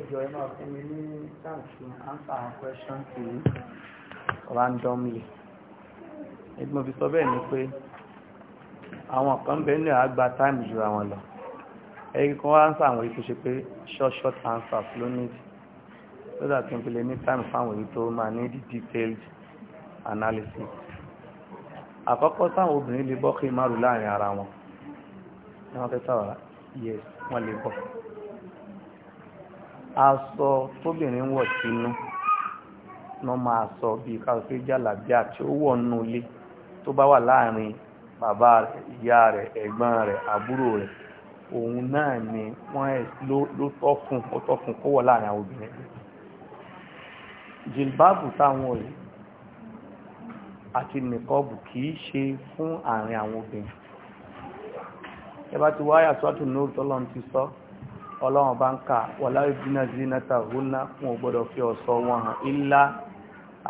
ẹjọ́ ẹ máa fún mi ní chance to answer our question to you randomly ẹgbẹ́ mo fi sọ bẹ́ẹ̀ ni pé àwọn kan bẹ́ẹ̀ ní àgbà time ju àwọn lọ ẹ̀rí kan wá ń sọ àwọn èyí tó ṣe pé short short answers ló need. so that n fi lè ní time fáwọn èyí tó máa ní detailed analysis àkọ́kọ́ sáwọn obìnrin lè bọ́ kí márùn láàrin ara wọn ẹ wọ́n fẹ́ sáwọ́ra yes wọ́n lè bọ́ aṣọ tóbìnrin wọ̀ sínú ní wọ́n máa sọ bíi káṣí jàlàbíà tí ó wọ̀ nínú ilé tó bá wà láàrin bàbá rẹ̀ ìyá rẹ̀ ẹ̀gbọ́n rẹ̀ àbúrò rẹ̀ òun náà ni wọ́n ló tọ́ fún ó tọ́ fún kó wọ̀ láàrin àwọn obìnrin jìlbáàbù táwọn rẹ̀ àti nìkọ́bù kìí ṣe fún àárín àwọn obìnrin ẹ bá ti wáyà sọ́tún ní òótọ́ ti sọ ọlọ́run bá ń kà wọlá ìdínà zinata húnná wọn ò gbọ́dọ̀ fi ọ̀ṣọ́ wọn hàn ilá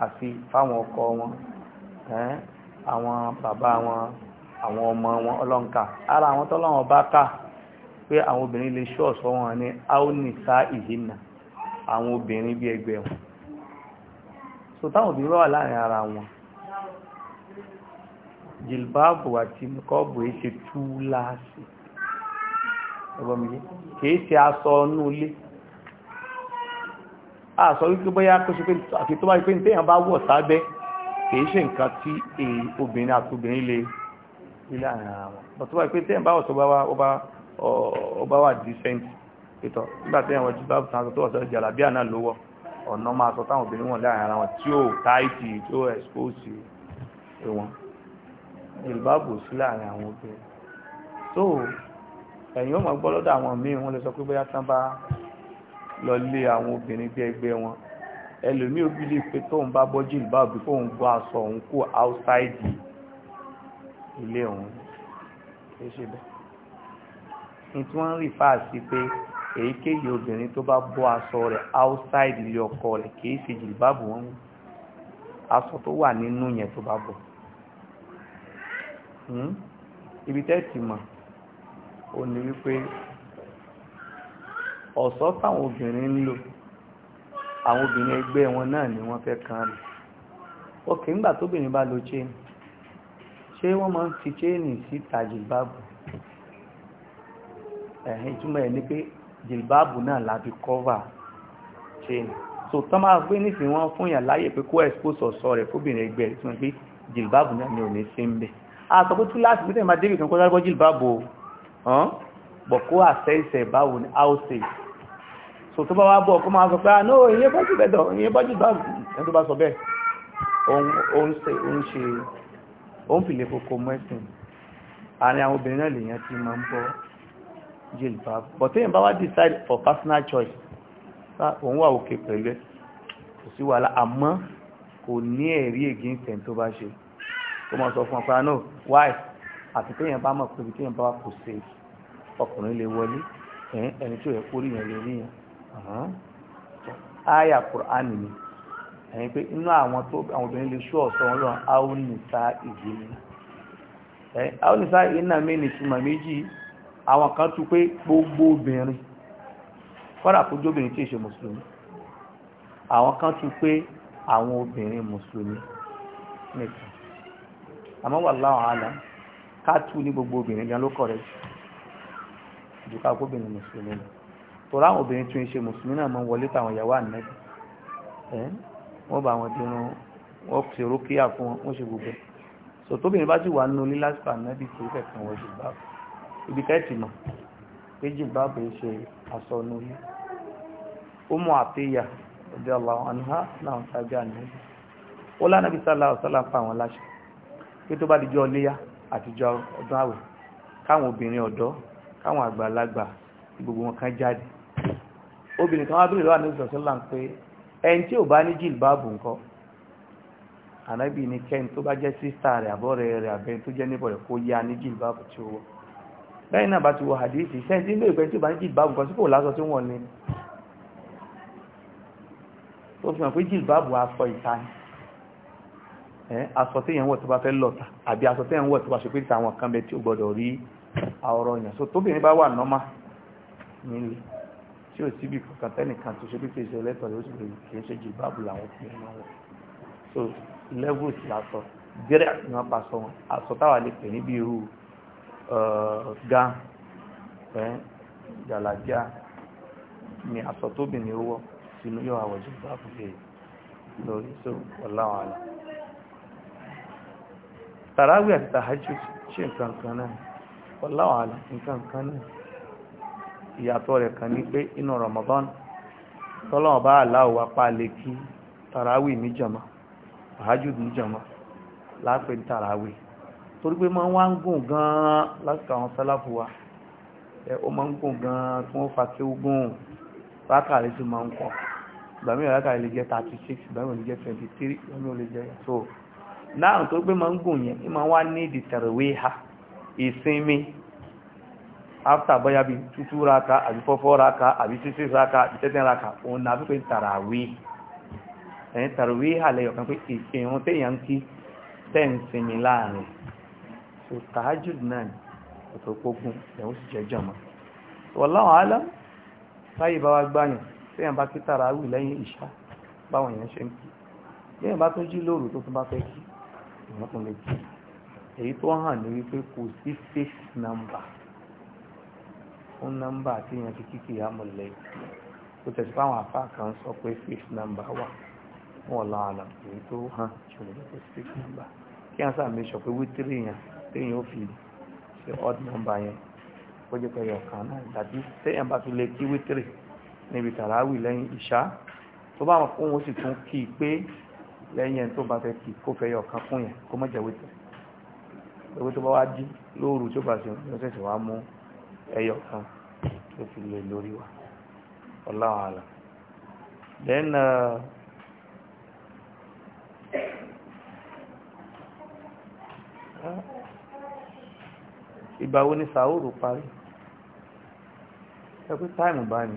àfi fáwọn ọkọ wọn àwọn bàbá wọn àwọn ọmọ wọn ọlọ́run kà ara àwọn tọ́lọ́run bá kà pé àwọn obìnrin lè ṣọ́ ọ̀ṣọ́ wọn ní aonisa ìhìnà àwọn obìnrin bí ẹgbẹ́ wọn so táwọn obìnrin bá wà láàrin ara wọn jìlbáàbù àti nìkọ́ọ̀bù yìí ṣe túláàsì ẹgbọ́mìyí kìí ṣe aṣọ ọnú ilé aṣọ wípé bóyá kó ṣe pé àti tó bá rí pé ní téèyàn bá wọ̀ sábẹ́ kìí ṣe nǹkan tí obìnrin àti obìnrin lè ilé àrìn ara wọn bọ̀ tó bá rí pé téèyàn bá wọ̀ tó bá wà dísẹ́ǹtì ìtọ̀ nígbà téèyàn wọ̀ jù bá bùtàn aṣọ tó wọ̀ sọ́jà làbíà náà ló wọ̀ ọ̀nà máa sọ táwọn ìlbábò sí àwọn obìnrin so ẹ̀yìn ó mọ̀ gbọ́ lọ́dọ̀ àwọn míì wọ́n lè sọ pé bóyá tán bá lọ lé àwọn obìnrin bí ẹgbẹ́ wọn ẹlòmíì ó bílẹ̀ pé tóun bá bọ́ jìlù bá òbí fóun gbọ́ aṣọ òun kó outside ilé òun kì í ṣe bẹ́ẹ̀ ní tí wọ́n ń rí fáàsì pé èyíkéyìí obìnrin tó bá bọ́ aṣọ rẹ̀ outside ilé ọkọ rẹ̀ kì í ṣe jìlù bá bù wọ́n aṣọ tó wà nínú yẹn tó bá bọ̀ hmm? ibi tẹ́ẹ̀tì mọ̀ ó ní wípé ọ̀ṣọ́ táwọn obìnrin ń lò àwọn obìnrin ẹgbẹ́ wọn náà ni wọ́n fẹ́ kan rẹ̀ òkè ńgbà tóbìnrin bá lo chain ṣé wọ́n máa ń fi chain sí ta jìlbáàbù ẹ̀hìn ìtumọ̀ ẹ̀ ní pé jìlbáàbù náà láti cover chain so tán máa gbé nísìnyí wọ́n fún yàn láyè pé kó expose ọ̀ṣọ́ rẹ̀ fóbìnrin ẹgbẹ́ rẹ̀ tí wọ́n pé jìlbáàbù náà ni ò ní sí ń bẹ̀ àtọ́kùtù láti gbé tẹ̀yìn máa débì kó sáré bọ́ o bọ̀ kó àṣẹ ìṣẹ̀ báwo ni how safe so tó bá wá bọ̀ kó máa sọ pé ah, no ìyẹn bọ́jú bẹ̀dọ̀ ìyẹn bọ́jú báàbù ẹni tó bá sọ bẹ́ẹ̀ òun ṣe òun fìlè kòkó mẹ́sìn àárín àwọn obìnrin náà lèèyàn ti máa ń bọ́ jilbab but èyàn bá wá decide for personal choice ah, òun wà òkè pẹ̀lú ẹ̀ kò sí wàhálà àmọ́ kò ní ẹ̀rí against ẹ̀ tó bá ṣe tó máa sọ fún ọ̀pá ah, náà why àti téèyàn bá mọ̀ pé ibi téèyàn bá wà kò ṣe ọkùnrin lè wọlé ẹni tí ò yẹ kó rí yẹn lè rí yẹn àyà Kùránì ni ẹ̀yìn pé inú àwọn tó àwọn obìnrin lè ṣú ọ̀sọ́ wọn lọ́wọ́ áúnìsá ìdí ni áúnìsá ìdí náà mẹ́ni ìtumọ̀ méjì àwọn kan tún pé gbogbo obìnrin kọ́dà kó jóbìnrin tí ì ṣe mùsùlùmí àwọn kan tún pé àwọn obìnrin mùsùlùmí nìkan àmọ́ wà láwọn àlàmù kátù ní gbogbo obìnrin gan ló kọ̀rẹ́ jù ká gbóbìnrin mùsùlùmí lọ tó ráwọn obìnrin tún ṣe mùsùlùmí náà mọ́ wọlé táwọn ìyàwó ànẹ́bí ẹ́ wọ́n bá wọn dínú wọ́n ṣe rókíyà fún wọn ṣe gbogbo so tóbìnrin bá sì wà nínú ní lásìkò ànẹ́bí kì í kẹ̀kẹ́ wọn jù bá ibi kẹ́ẹ̀tì mọ̀ pé jù bá bèé ṣe aṣọ nù yìí ó mú àtẹ́yà ọdẹ ọlọ́wọ́ àwọn láṣẹ àtijọ́ ọdún àwẹ̀ káwọn obìnrin ọ̀dọ́ káwọn àgbàlagbà gbogbo wọn kan jáde obìnrin kan wá bèèrè lọ́wọ́ àníṣọ́ sọ́lá ń pé ẹni tí ò bá ní jìlbáàbù ńkọ́ ànábì ní kẹ́ni tó bá jẹ́ sísá rẹ̀ àbọ̀rẹ̀ rẹ̀ àbẹ́ni tó jẹ́ níbọ̀ rẹ̀ kó yá ní jìlbáàbù tí ó wọ̀ lẹ́yìn náà bá ti wọ hadithi sẹ́ńtì ń bèèrè pé tí ò bá ní jìlbáàbù ńkọ́ sí kò lásọ tí wọ́n ní tó fi hàn pé jìlbáàbù aṣọ ìta ni Eh, aṣọ tí èèyàn wọ̀ tó bá fẹ́ lọ́ta àbí aṣọ tí èèyàn wọ̀ tó bá ṣe pé tí àwọn kan bẹ tí ó gbọ́dọ̀ rí àwọ̀rọ̀ èèyàn so tóbìnrin bá wà nọ́mà nílé tí ò síbi kankan tẹ́nìkan tó ṣe pípé ìṣẹ̀lẹ̀ tọ̀ ló sì lè kìí ṣe jù báàbù làwọn obìnrin máa wọ̀ so levels lásọ gẹ́rẹ́ ni wọ́n pa sọ wọn aṣọ táwa lè pè níbi irú gan jàlàjá ni aṣọ tóbìnrin ó wọ̀ sínú yóò àwọ̀ jù báàbù lè lórí so ọ̀làwọ̀ àlà tàràwì àti tàhájú ṣe nǹkan kan náà ọláwà nǹkan kan náà ìyàtọ̀ rẹ̀ kan ní pé inú Ramadan tọ́lọ́wọ̀n bá aláwọ̀ apá lè kí tàràwì níjàmá tàhájú níjàmá lápẹ́ tàràwì torí pé máa ń wá ń gùn gan-an lásìkò àwọn sálàfù wa ó máa ń gùn gan-an tí wọ́n fa kí ó gùn rákàrí sí máa ń kọ́ ìgbà mìíràn rákàrí lè jẹ́ 36 ìgbà mìíràn lè jẹ́ 23 ìgbà mìíràn lè jẹ́ so láàrùn tó gbé máa ń gùn yẹn ìmọ̀ wá ní ìdìtẹ̀rẹ̀wé ha ìsinmi after bóyá bí tútú raka àbí fọ́fọ́ raka àbí sísí raka àbí tẹ́tẹ́ raka òun náà pípé tàràwé ẹ̀yìn tàràwé hà lẹ́yọ̀ kan pé ìṣẹ̀yìn téèyàn ń kí tẹ́ǹsinmi láàrin so tahajjud náà ni ọ̀tọ̀ pógún ẹ̀wọ́n sì jẹjọ́ mọ́ wallahu alam táyì bá wá gbáyàn téèyàn bá kí tàràwé lẹ́yìn ìṣá báwọn èèyàn ṣe ń kí lẹ́yìn bá tó jí lóru tó tún bá fẹ́ kí mọ́tò méjì èyí tó hàn ní wípé kò sí face number fún nọ́mbà tí yẹn fi kíkì amúlẹ̀ kò tẹ̀sí fáwọn afá kan sọ pé face number wà wọ́n lọ́nà èyí tó hàn ṣùgbọ́n kò sí face number kí wọ́n sàmì sọ pé wítírì yẹn téèyàn ó fi ṣe odd number yẹn kó jẹ́ pé ọ̀kan náà dàbí téèyàn bá tún lè kí wítírì níbi tàràwì lẹ́yìn ìṣá tó bá wọn fún wọn sì tún kí i pé lẹ́yìn ẹni tó bá fẹ́ kí kó fẹ́ yọ ọ̀kan fún yẹn kó mọ́ jẹ́wé tẹ̀ ewé tó bá wá jí lóòrù tó bá ṣe lọ́sẹ̀sẹ̀ wá mú ẹyọ kan tó fi lè lórí wa ọláwọ̀ àlà then uh, ni sàúrù parí ẹ pé táìmù bá ní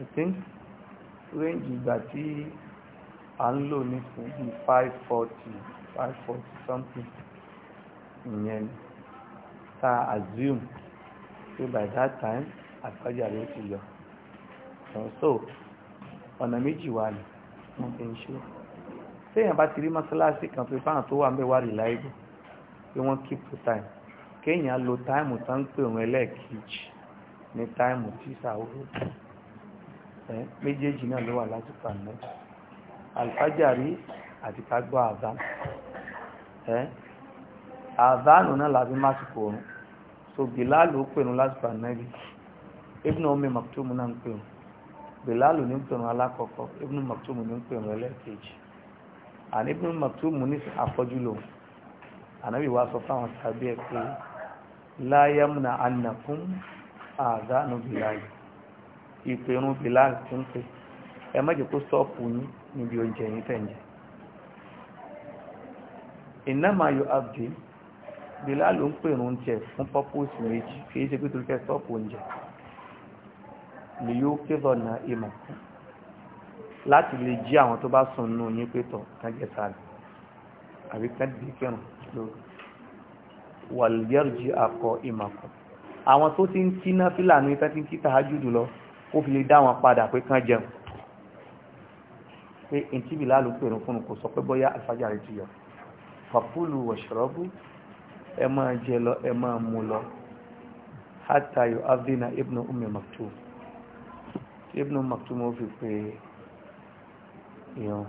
i think range ìgbà tí à ń lò ní fún bí 540 540 something ìyẹn ni ta assume pé by that time àgbájá ló ti yọ so ọ̀nà méjì wà ní wọ́n fi ń ṣe téèyàn bá ti rí mọ́sálásí kan pé fáwọn tó wà ń bẹ̀ wá reliable pé wọ́n keep the time kéèyàn lo táìmù tán ń pè òun ẹlẹ́ẹ̀kejì ní táìmù tí ìsàwòrò méjèèjì náà ló wà lásìkò àná alfajari àti ká gbọ́ àzánù ẹ́ àzánù náà làbí másìkò òun so bilalu ó pèrún lásìkò ànábì ibnu omi maktumu náà ń pèrún bilalu ní pèrún alákọ̀ọ́kọ́ ibnu maktumu ní pèrún ẹlẹ́ẹ̀kejì àní ibnu maktumu ní àfọ́jú lòun ànábì wá sọ fáwọn tàbí ẹ̀ pé láyámúna annakum àzánù bilal ìpèrún bilal ti ń pèrún ẹ má jẹ́ kó sọ́ọ̀pù yín níbi oúnjẹ yín fẹ́ jẹ ìnáma yóò abdi bílá ló ń pèrún oúnjẹ fún pọ́pọ́sì méjì kìí ṣe pítorí kẹ́ sọ́ọ̀pù oúnjẹ lè yóò kébọ̀ na ìmọ̀ láti lè jí àwọn tó bá sùn nù ní pétọ̀ kájẹ sáré àbí kájẹ kẹrùn lórí wàlùyẹ́rùjí akọ ó fi lè dá wọn padà pé kán jẹun pé ntí bìlá ló pèrún fún un kò sọ pé bóyá alifájà rẹ ti yọ fàkúlù wọ̀ṣọ̀rọ̀bù ẹ máa jẹ lọ ẹ máa mú lọ hátayọ avdina ibnu umme maktum ibnu maktum ó fi pé ìyàn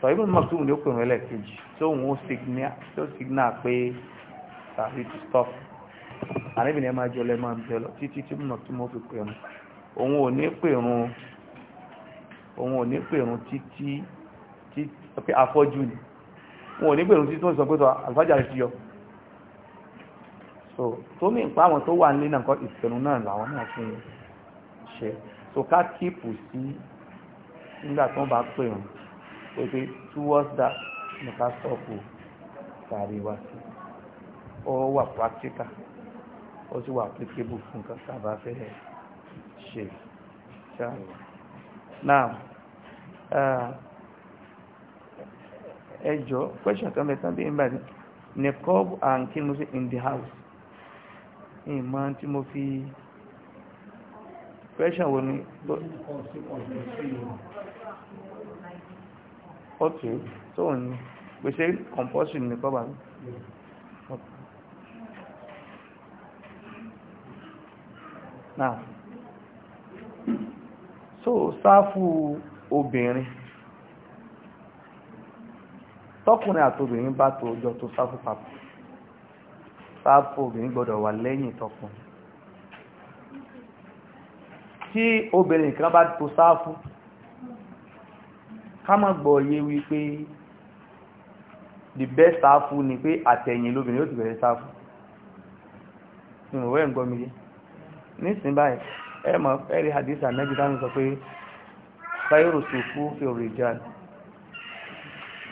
sọ ibnu maktum ni ó pèrún ẹlẹ́ẹ̀kejì tó òun ó signal pé tàbí to stop àníbìnrin ẹ máa jẹ lọ ẹ máa jẹ lọ títí tí ibnu maktum ó fi pèrún òun ò ní pèrún òun ò ní pèrún títí pé afọ́jú ni òun ò ní pèrún títí tó ń sọ pé alfájà rẹ̀ ti yọ so tó ní ìpá àwọn tó wà nílé náà kọ́ ìpẹ̀rún náà làwọn náà fi ṣe so ká kíìpù sí nígbà tó ń bá pèrún pé pé towards that ní ká sọ́ọ̀pù tààrí wá sí ó wà practical ó sì wà applicable fún nǹkan tá a bá fẹ́ ṣe ṣáà náà ẹjọ́ question kan bẹ̀ tán bí n bàdí niqab and kí ni mo in the house ìmọ̀ tí mo fi question wo ni ok so n pèsè compulsion niqab àmì náà so sáfù obìnrin tọkùnrin àtobìnrin bá tó ọjọ́ tó sáfù papọ̀ sáfù obìnrin gbọ́dọ̀ wà lẹ́yìn tọkùnrin tí obìnrin kan bá tó sáfù ká má gbọ́ yé wípé the best sáfù ni pé àtẹ̀yìn lóbìnrin ó ti bẹ̀rẹ̀ sáfù ìwọ̀wẹ́ ń gbọ́ mi yé nísìnyí báyìí ẹ mọ̀ ẹ̀rí hadith anabi dáhùn sọ pé fáyọrò tó fún fèrè jan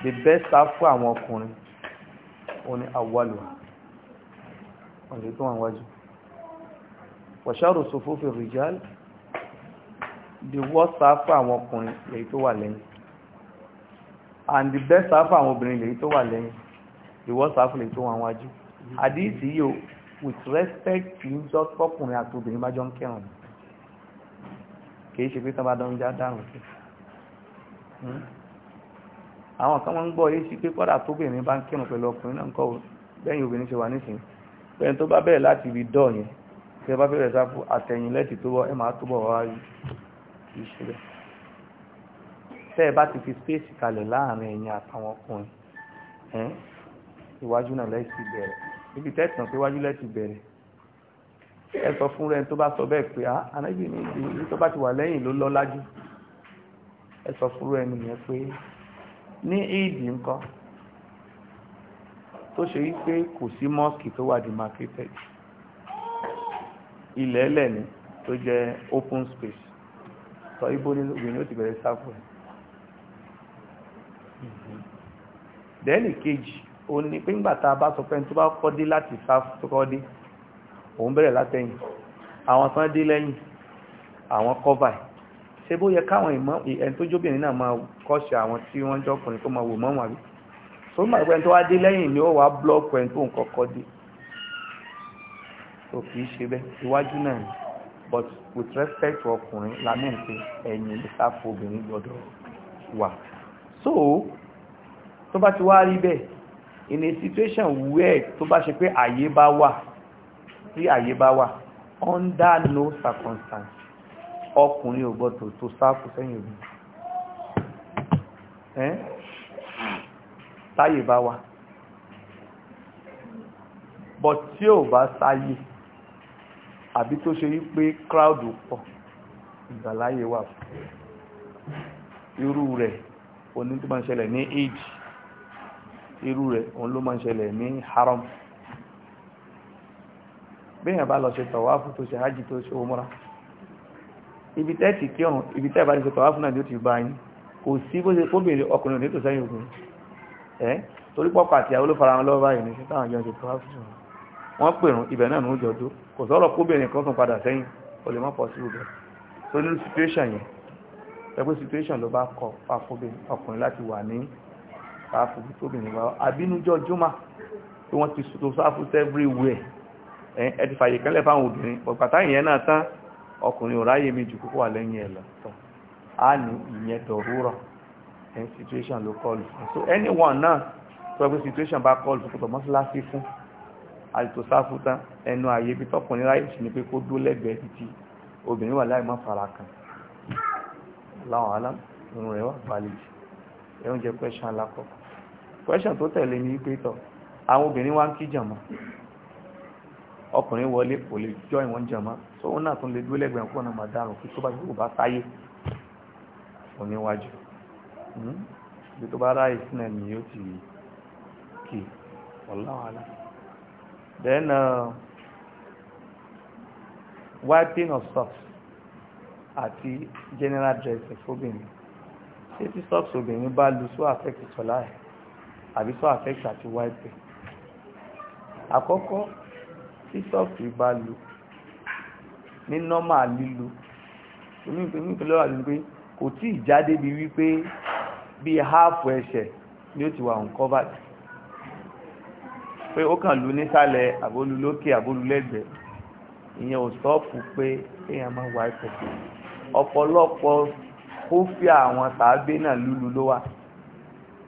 the best staff fún àwọn ọkùnrin wọn ni àwọlò ọ̀lẹ́ tó wọn wájú wọ̀ṣọ́rò tó fún fèrè jan the worst staff fún àwọn ọkùnrin lèyí tó wà lẹ́yìn and the best staff fún àwọn obìnrin lèyí tó wà lẹ́yìn the worst staff lèyí tó wọn wájú hadith yìí o with respect kì í jọ tọkùnrin àti obìnrin bá jọ ń kẹrùn kìí ṣe pé tọ́ba dán já dáhùn sí hmm? àwọn kan wọ́n ń gbọ́ yìí sí pé kọ́dà tóbìnrin bá ń kírun pẹ̀lú ọkùnrin náà ń kọ́ bẹ́yìn obìnrin ṣe wà nísìn pẹ̀lú tó bá bẹ̀rẹ̀ láti ibi dọ̀ yẹn tí ẹ bá bẹ̀rẹ̀ sáfù àtẹ̀yìn lẹ́tì tó wọ́ ibi tẹ́sán pé iwájú lẹ́sì ẹ sọ fún rẹ tó bá sọ bẹ́ẹ̀ pé á ah, anábì ní ìdí tó bá ti wà lẹ́yìn ló lọ́lá jù ẹ sọ fún rẹ nìyẹn pé ní ìdí ńkọ́ tó ṣe wípé kò sí mosque tó wà demarcated ilẹ̀ ẹlẹ́ni tó jẹ́ open space sọ ibo ní obìnrin ó ti bẹ̀rẹ̀ sáfù ẹ̀ dẹ́nì kejì ó ní pé ńgbà tá a bá sọ pé tó bá kọ́ dé láti sáfù tó kọ́ dé òun bẹ̀rẹ̀ látẹ̀yìn àwọn tán dé lẹ́yìn àwọn kọ́bà ṣe bó yẹ káwọn ìmọ̀ ẹni tó jóbìnrin náà máa kọ́ṣẹ́ àwọn tí wọ́n jọ ọkùnrin tó máa wò mọ́mọ́ àbí tó máa pẹ́ tó wá dé lẹ́yìn ni ó wá blọ́ọ̀kù ẹni tó ń kọ́kọ́ dé tó kì í ṣe bẹ́ẹ̀ iwájú náà ni but with respect to ọkùnrin lamẹ́ǹtì ẹ̀yìn ìsáfù obìnrin gbọ́dọ̀ wà so tó bá ti wá rí bẹ́ẹ̀ in a situation where tó bá ṣe pé àyè bá wà tí àyè bá wà under no circumstance ọkùnrin ò gbọ́dọ̀ tó sáàkù sẹ́yìn òbí ẹ́n táyè bá wà but tí ò bá sáyè àbí tó ṣe wípé crowd pọ̀ ìgbàláyè wà irú rẹ̀ oní tó máa ń ṣẹlẹ̀ ní age irú rẹ̀ òun ló máa ń ṣẹlẹ̀ ní haram bẹ́yàn bá lọ ṣe tọ̀wáfù tó ṣe hajji tó ṣe òmúra ibi tẹ́ ti kí ọ̀run ibi tẹ́ bá ti ṣe tọ̀wáfù náà ló ti bá yín kò sí bó ṣe kóbìnrin ọkùnrin òní tó sẹ́yìn òkùnrin ẹ́ torí pọ́pọ̀ àti àwọn olófara wọn lọ́wọ́ báyìí ní ṣe táwọn jọ ṣe tọ̀wáfù sùn wọ́n pèrún ibẹ̀ náà ló jọdó kò sọ̀rọ̀ kóbìnrin kan everywhere ẹ̀ẹ́dì fàyè kẹ́lẹ̀ fáwọn obìnrin pọ̀pàtà ìyẹn náà tán ọkùnrin ò ráyè méjì kúkú wà lẹ́yìn ẹ̀ lọ a ní ìyẹn dọ̀rúrọ̀ ẹn situation ló kọlù fún so anyone náà tó ẹgbẹ́ situation bá kọlù fún pọ̀tọ̀ mọ́síláṣí fún àìtò sáfù tán ẹnu àyè ibi tọkùnrin ráyè sí ni pé kó dó lẹ́gbẹ̀ẹ́ títí obìnrin wà láì má fara kan láwọn alá irun rẹ̀ wà balẹ̀jì ẹ̀rùn jẹ́ question alákọ̀ọ́ question tó tẹ̀lé ní pé tọ̀ àwọn obìnrin wá ń kíjàn ọkùnrin wọlé kò lè jọ ìwọ̀n jẹmọ́ tó ó náà tún lè dúró lẹ́gbẹ̀ẹ́ kó náà máa dárùn kí tó bá gbogbo bá sáyé oníwájú hmm? bí tó bá ráyè sínú ẹ̀mí yóò ti kì ọ̀làwàlà then uh, wiping of socks àti general dressing fóbìnrin ṣé tí socks obìnrin bá lu so affect sọlá ẹ̀ àbí so affect àti wiping àkọ́kọ́ tí sọ́ọ̀kì bá lu ní nọ́mà lílu onípínlẹ̀ wà wípé kò tí ì jáde bí wípé bí háàfù ẹsẹ̀ ni ó ti wà uncovered pé ó kàn lu nísàlẹ̀ àbólú lókè àbólú lẹ́gbẹ̀ẹ́ ìyẹn ò sọ́ọ̀fù pé kéèyàn máa wà ẹsẹ̀ ọ̀pọ̀lọpọ̀ kófíà àwọn sàábé náà lúlu ló wà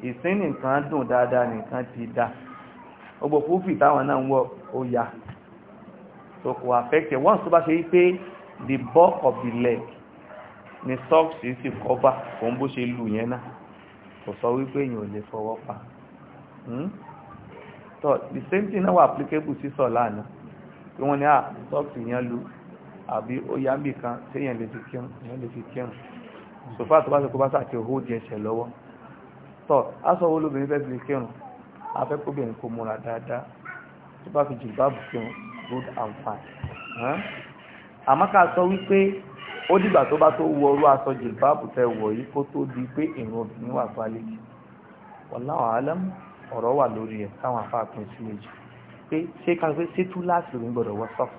ìsín nìkan dùn dáadáa nìkan ti dà gbogbo kófì táwọn náà ń wọ ó yá so kò affected once tó bá ṣe wípé the bulk of the leg ni socks yìí sì cover kò ń bó ṣe lù yẹn náà kò sọ wípé èèyàn ò lè fọwọ́ pa hmm? so the same thing náà wà applicable sí sọ̀lá àná tí wọ́n ní à ah, socks yẹn lu àbí ó yá bì kan téèyàn lè fi kírun èèyàn lè fi kírun sòfà tó bá ṣe kó bá ṣàti owó di ẹsẹ̀ lọ́wọ́ tọ́ aṣọ wo lóbìnrin fẹ́ fi kírun afẹ́kọ́bìnrin kò múra dáadáa tó bá fi jìlbáàbù kírun good and fine àmọ́ ká sọ wípé ó dìgbà tó bá tó wọ orú aṣọ jìlbáàbù tẹ wọ̀ yìí kó tó di pé ìrìn obìnrin wà falẹ̀ wallahu alam ọ̀rọ̀ wà lórí ẹ̀ táwọn afáàpin sí méjì pé ṣé ká pé sétú láti rìn gbọ́dọ̀ wọ́ sọ́ọ̀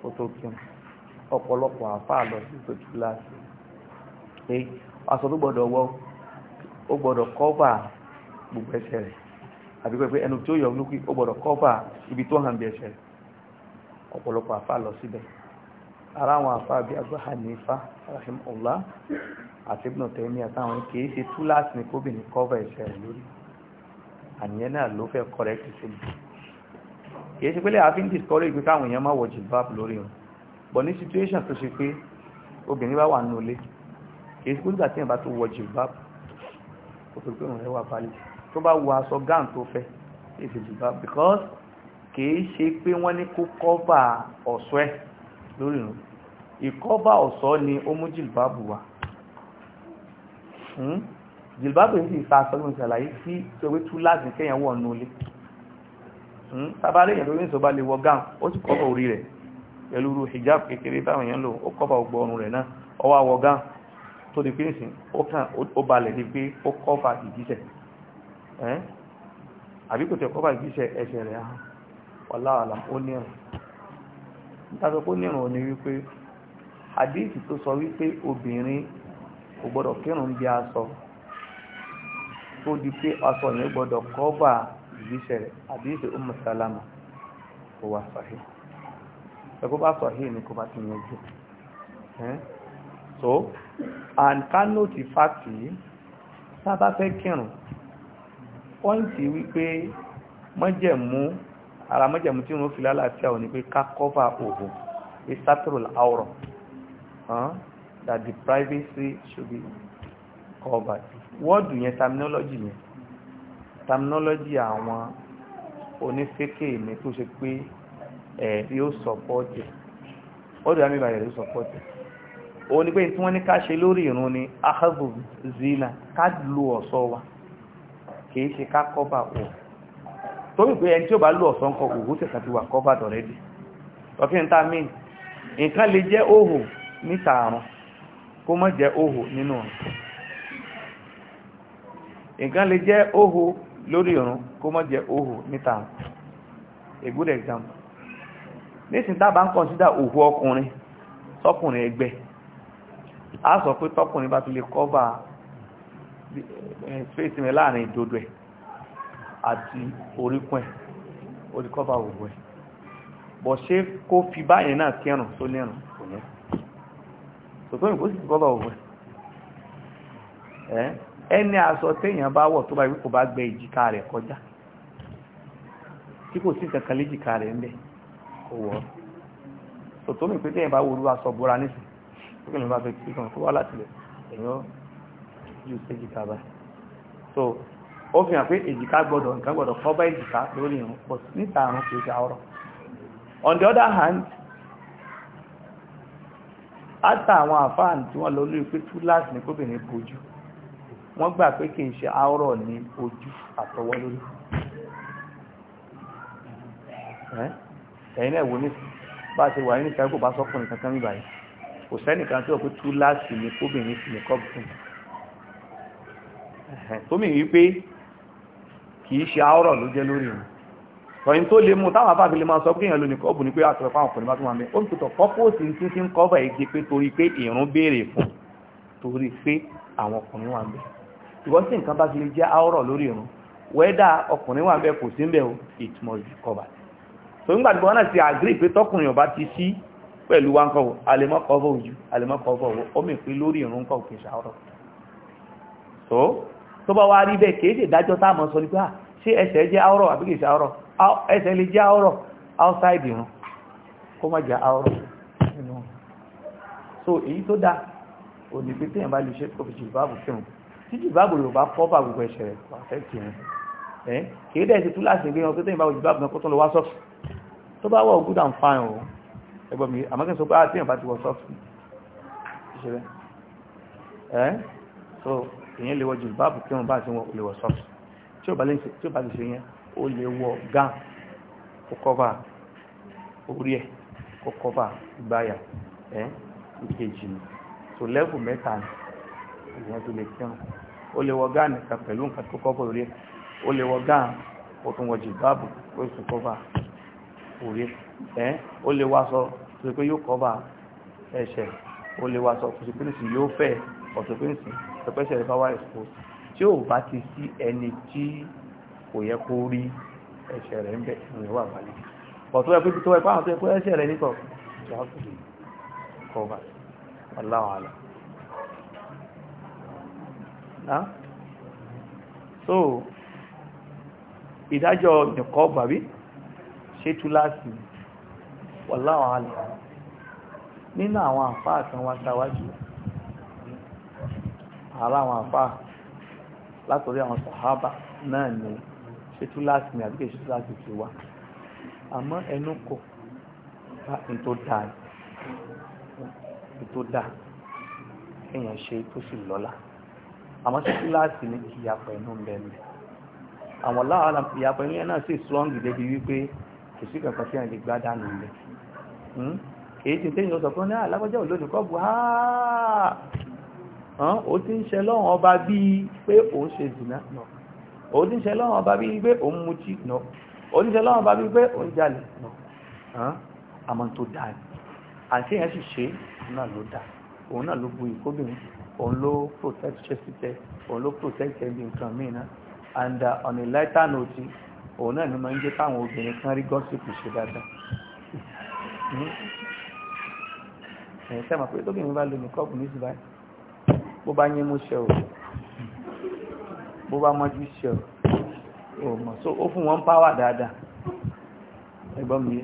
kó tó kí n ọ̀pọ̀lọpọ̀ àfáà lọ sí sétú láti pé aṣọ tó gbọ́dọ̀ wọ ó gbọ́dọ̀ kọ́fà gbogbo ẹsẹ̀ rẹ̀ àbí pẹ́pẹ́ ẹnu tí ó yọ lókè ó gbọ́dọ̀ kọ́fà ibi tó hàn bí ẹ̀ṣẹ̀ ọ̀pọ̀lọpọ̀ àfà lọ síbẹ̀ ara àwọn àfà bí Abu Hanifa rahimahullah àti Ibn Taymiyyah àtàwọn kìí ṣe túláàsì ní kóbìnrin kọ́fà ẹ̀ṣẹ̀ rẹ̀ lórí àníyàn náà ló fẹ́ kọ́rẹ́kì sí kìí ṣe pé lẹ́yà fi ń discourage ìgbé káwọn èèyàn má wọ jilbab lórí wọn but ní situation tó ṣe pé obìnrin bá wà nínú ilé kìí ṣe pé nígbà tí èèyàn bá tó wọ jilbab kò tó pé òun rẹ̀ wà pálí tó bá wọ aṣọ gáàn tó fẹ́ ìfìjìbá because kìí ṣe pé wọ́n ní kó kọ́bà ọ̀ṣọ́ ẹ̀ lórí ìrùn ìkọ́bà ọ̀ṣọ́ ni ó mú jìlbábù wá hmm? jìlbábù yìí sì fa aṣọ́gbọ̀n ṣàlàyé sí ewé tú láti kẹ́yàn wọ̀ nù ilé sábàlẹ̀ hmm? èèyàn tó ní ìṣọ́bà lè wọ gáàn ó sì kọ́bà orí rẹ̀ pẹ̀lú hijab kékeré táwọn èèyàn lò ó kọ́bà ògbọ ọrùn rẹ̀ náà ọwọ́ àwọ̀ gáàn tó di pé nìsín ó kàn ó balẹ̀ di pé ó kọ́bà ìjíṣẹ́ ẹ́ àbí kò tẹ̀kọ́ bá ìgbésẹ̀ ẹsẹ̀ rẹ̀ hàn wàláwàlá ó nírun nítorí pé ó ní wípé àdéhìsì tó sọ wípé obìnrin kò gbọ́dọ̀ bí aṣọ tó di pé aṣọ yẹn gbọ́dọ̀ kọ́bà ìgbésẹ̀ rẹ̀ àdéhìsì Ummu Salama kò wá sahih ẹ̀kọ́ bá sahih ni kò bá ti so and yìí pọ́ǹtì wípé mọ́jẹ̀mú ara mọ́jẹ̀mú tí wọ́n fi lálàáfíà ò ní pé ká kọ́fà òhò pé satrol aura that the privacy should be covered wọ́ọ̀dù yẹn terminology yẹn terminology àwọn onífẹ́kẹ́ ìmẹ́ tó ṣe pé ẹ̀rí ó sọpọ́tẹ̀ ọdún àmì ìbàrẹ̀ ó sọpọ́tẹ̀ òun ni pé tí wọ́n ní ká ṣe lórí ìrún ni ahabu zina ká lo ọ̀ṣọ́ wa kìí ṣe ká kọ́bà ọ̀ torí pé ẹni tí ó bá lù ọ̀sán kọ òwú tẹ̀sán ti wà kọ́bà tọ̀rẹ́dì ọ̀kí ń ta nǹkan lè jẹ́ òhò níta àrùn kó má jẹ́ òhò nínú ọ̀run nǹkan lè jẹ́ lórí kó jẹ́ a good example nísìn tábà ń kọ̀nsídà ọkùnrin ẹgbẹ́ a sọ pé tọkùnrin bá ti lè space mi láàrin ìdodo ẹ̀ àti oríkún ẹ̀ ó ti kọ́fà gbogbo ẹ̀ bọ̀ ṣé kó fi báyìí náà kẹrùn tó lẹ́rùn kò yẹn tòtó ìbò sì ti kọ́fà gbogbo ẹ̀ ẹni aṣọ téèyàn bá wọ̀ tó bá yẹ kó bá gbẹ ìjìká rẹ̀ kọjá tí kò sí nǹkan kan léjìká rẹ̀ ńbẹ̀ kò wọ̀ tòtó mi pé téèyàn bá wo olú aṣọ bóra nísìn tó kìlọ̀ ju èjìká bá so ó fi hàn pé èjìká gbọdọ̀ nǹkan gbọdọ̀ kọ́bá èjìká lórí ìrun pọ̀ níta àrùn kìí ṣe àwọ̀rọ̀ on the other hand átà àwọn àfáàní tí wọ́n lọ lórí pé túláàsì ní kóbìnrin bojú wọ́n gbà pé kìí ṣe àwọ̀rọ̀ ní ojú àtọwọ́ lórí ẹ̀yìn ẹ̀wò ní bá ṣe wà ní ìṣẹ́kù bá sọ́kùnrin kankan níbàyí kò sẹ́nìkan tí ó pé túláàsì ní kóbìnrin sí ní kọ́bùnrin tómi wípé kìí ṣe àárọ̀ ló jẹ́ lórí rẹ̀ ọ̀yìn tó lè mú táwọn afáfi lè máa sọ pé èèyàn ló ní kọ́ọ̀bù ní pé àtọ̀rọ̀ fáwọn ọkùnrin bá tún wà mẹ́ ó ń tutọ̀ pọ́pọ́ọ̀sì tí tí ń kọ́bà igi pé torí pé ìrún béèrè fún torí pé àwọn ọkùnrin wà mẹ́ ìwọ́n sì nǹkan bá ti lè jẹ́ àárọ̀ lórí ìrún wẹ́dà ọkùnrin wà mẹ́ kò sí o it must be covered so nígbà tí wọ́n náà ti agree pé tọkùnrin ọba ti sí pẹ̀lú wa ń kọ́wọ́ àlèmọ́kọ́fọ́ ojú àlèmọ́kọ́fọ́ ọwọ́ ó lórí ìrún kọ́ tó bá wá rí bẹ́ẹ̀ kìí ṣe ìdájọ́ táàmọ̀ sọ ní pé ah, ṣé ẹsẹ̀ jẹ́ àwọ̀rọ̀ àbí kìí ṣe àwọ̀rọ̀ ẹsẹ̀ lè jẹ́ àwọ̀rọ̀ outside irun kó má jẹ́ àwọ̀rọ̀ so èyí tó dá òní pé téèyàn bá lè ṣe kó fi jìbáàbù fíhùn tí jìbáàbù yóò bá fọ́ bá gbogbo ẹ̀ṣẹ̀ rẹ̀ kò àfẹ́ kì í kìí dẹ̀ ṣe túláṣì gbé wọn good and fine o ẹgbọ́n mi àmọ́kẹ́ sọ pé ah, téèyàn bá ti wọ so èyàn lè wọ jùlbáàbù kí wọ́n bá ṣe wọ́n lè wọ sọ́ọ̀sì tí ó bá lè ṣe yẹn ó lè wọ gán kó orí ẹ̀ kó gbáyà ẹ̀ ìkejì ni tó lẹ́bù mẹ́ta ni èyàn tó lè kírun ó lè wọ gán nìkan pẹ̀lú nǹkan tó kọ́bà orí ẹ̀ ó lè wọ gán ó tún wọ jùlbáàbù ó sì kọ́bà orí ẹ̀ ó lè wá sọ pé yóò kọ́bà ẹsẹ̀ ó lè wá sọ pé yóò pé ń pẹ̀pẹ́sẹ̀ rẹ̀ bá wà expose tí ò bá ti sí ẹni tí kò yẹ kó rí ẹ̀ṣẹ̀ rẹ̀ ń bẹ̀ fún ìwà àbálẹ̀ pọ̀ tó ẹ̀pẹ́ tó ẹ̀pẹ́ àwọn tó ẹ̀pẹ́ ẹ̀ṣẹ̀ rẹ̀ nìkan tó á kùn kọ́ba aláwọ̀ àlà. so ìdájọ́ nìkan bàbí ṣe túláàsì wàláwọ̀ àlà nínú àwọn àfáà kan wá ara àwọn àfà látọ̀rí àwọn sàhábà náà ni ṣètú láti ní àbíkẹ́ ṣètú láti ti wá àmọ́ ẹnu kò bá ètò dáa ètò dáa èèyàn ṣe tó sì lọ́la àmọ́ ṣètú láti ní ìyàpọ̀ ẹnu bẹ̀rẹ̀ àwọn láàárọ̀ ìyàpọ̀ ẹnu náà sì strong débi wípé kò sí kankan tí a gbá dànù lẹ̀ èyí tí tẹ́yìn lọ sọ fún ní alágbájá ah, olódùkọ́ bu ó ti ń ṣe lọ́wọ́n ọba bíi pé òun ṣe zìnà nọ ó ti ń ṣe lọ́wọ́n ọba bíi pé òun mutí nọ ó ti ń ṣe lọ́wọ́n ọba bíi pé òun jalè nọ àmọ́ tó dáa ni àti èèyàn sì ṣe òun náà ló dáa òun náà ló bu ìkóbìnrin òun ló protect chesite òun ló protect ẹbí nǹkan míì náà and uh, on a lighter note òun náà ni máa ń jẹ́ káwọn obìnrin kan rí gọ́sìpì ṣe dáadáa hmm? ẹ̀yìn sẹ́mà pé tóbìnrin bá lo nìkọ́ọ̀bù ní ìsìnbáyìí bó bá yín mú ṣe o bó bá mọ́jú ṣe o mọ̀ so ó fún wọn power dáadáa ẹgbọ́n mi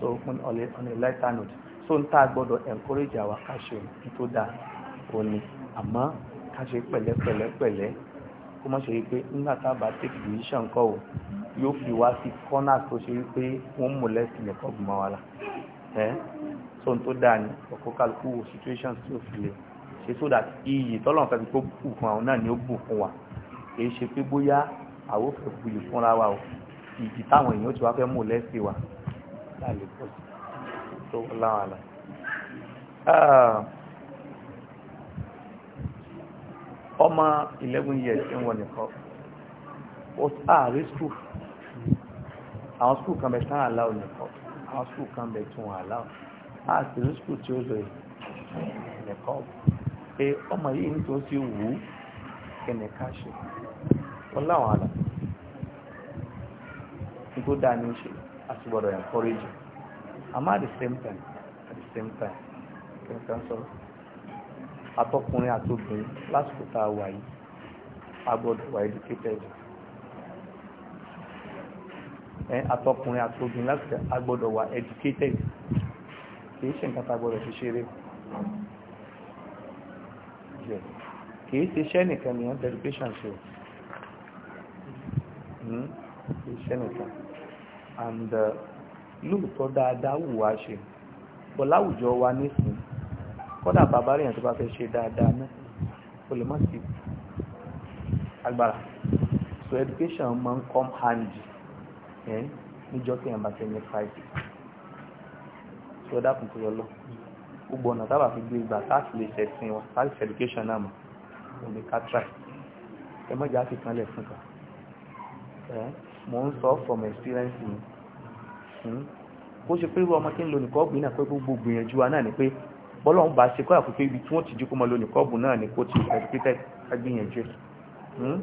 so fún ọ̀lẹ́ ọ̀lẹ́ lighter note so ń tá gbọ́dọ̀ encourage àwa ká ṣe tó dáa òní àmọ́ ká ṣe pẹ̀lẹ́pẹ̀lẹ́pẹ̀lẹ́ kó mọ́ ṣe wípé nígbà tá a bá take decision kọ́ o yóò fi wá sí corner tó ṣe wípé wọ́n molest nìkan gbọ́n wa la ẹ́ so ń tó dáa ni ọ̀kọ́ kálukú wo situations tí ó fi lè ṣe so that iyì tọ́lọ̀ fẹ́ fi kó bù fún àwọn náà ni ó bù fún wa kì ṣe pé bóyá àwọn òfin buyì fúnra wa o iyì táwọn èèyàn ti wá fẹ́ mú lẹ́sìn wa láàlè pọ̀ sí tó láwọn àlà. ọmọ eleven years ń wọ nìkan ó ààrẹ skul àwọn skul kan bẹ tán àláwọ nìkan àwọn skul kan bẹ tún àláwọ àti skul tí ó lọ nìkan. pé ọmọ yìí ní tó ti wù ú kẹ̀lẹ̀ ká ṣe wọ́n láwọn àlà tó dáa ní ṣe at the same time at the same time kẹ̀kẹ́ sọ atọ́kùnrin àtòbìnrin lásìkò tá a wà yìí a gbọ́dọ̀ wà educated atọ́kùnrin àtòbìnrin lásìkò a gbọ́dọ̀ wà educated tiẹ̀ kìí ṣe iṣẹ́ nìkan nìyàn dedication ṣe o hmm? iṣẹ́ nìkan and uh, lóòótọ́ dáadáa wù wá ṣe bọ̀ láwùjọ wa nísìn kọ́dà bàbá rèèyàn tó bá fẹ́ ṣe dáadáa náà o lè má sí agbára so education máa ń come handy eh, níjọ́ tí èèyàn bá fẹ́ ní five so dákun tó yọ lọ́wọ́ gbogbo ọ̀nà tábà fi gbé ìgbà láti lè ṣẹ̀sìn wọn láti education náà mọ̀ òní ká try ẹ mọ́jà á sì kanlẹ̀ fún kan mò ń sọ from experience mi hmm? bó ṣe pé irú ọmọ tí ń lo nìkọ́ọ̀bù náà pé gbogbo gbìyànjú wa náà ni pé bọ́lọ̀ ń bá ṣe kọ́ àkókò ibi tí wọ́n ti jíkó mọ́ lo nìkọ́ọ̀bù náà ni kó ti educated agbìyànjú ẹ̀ hmm?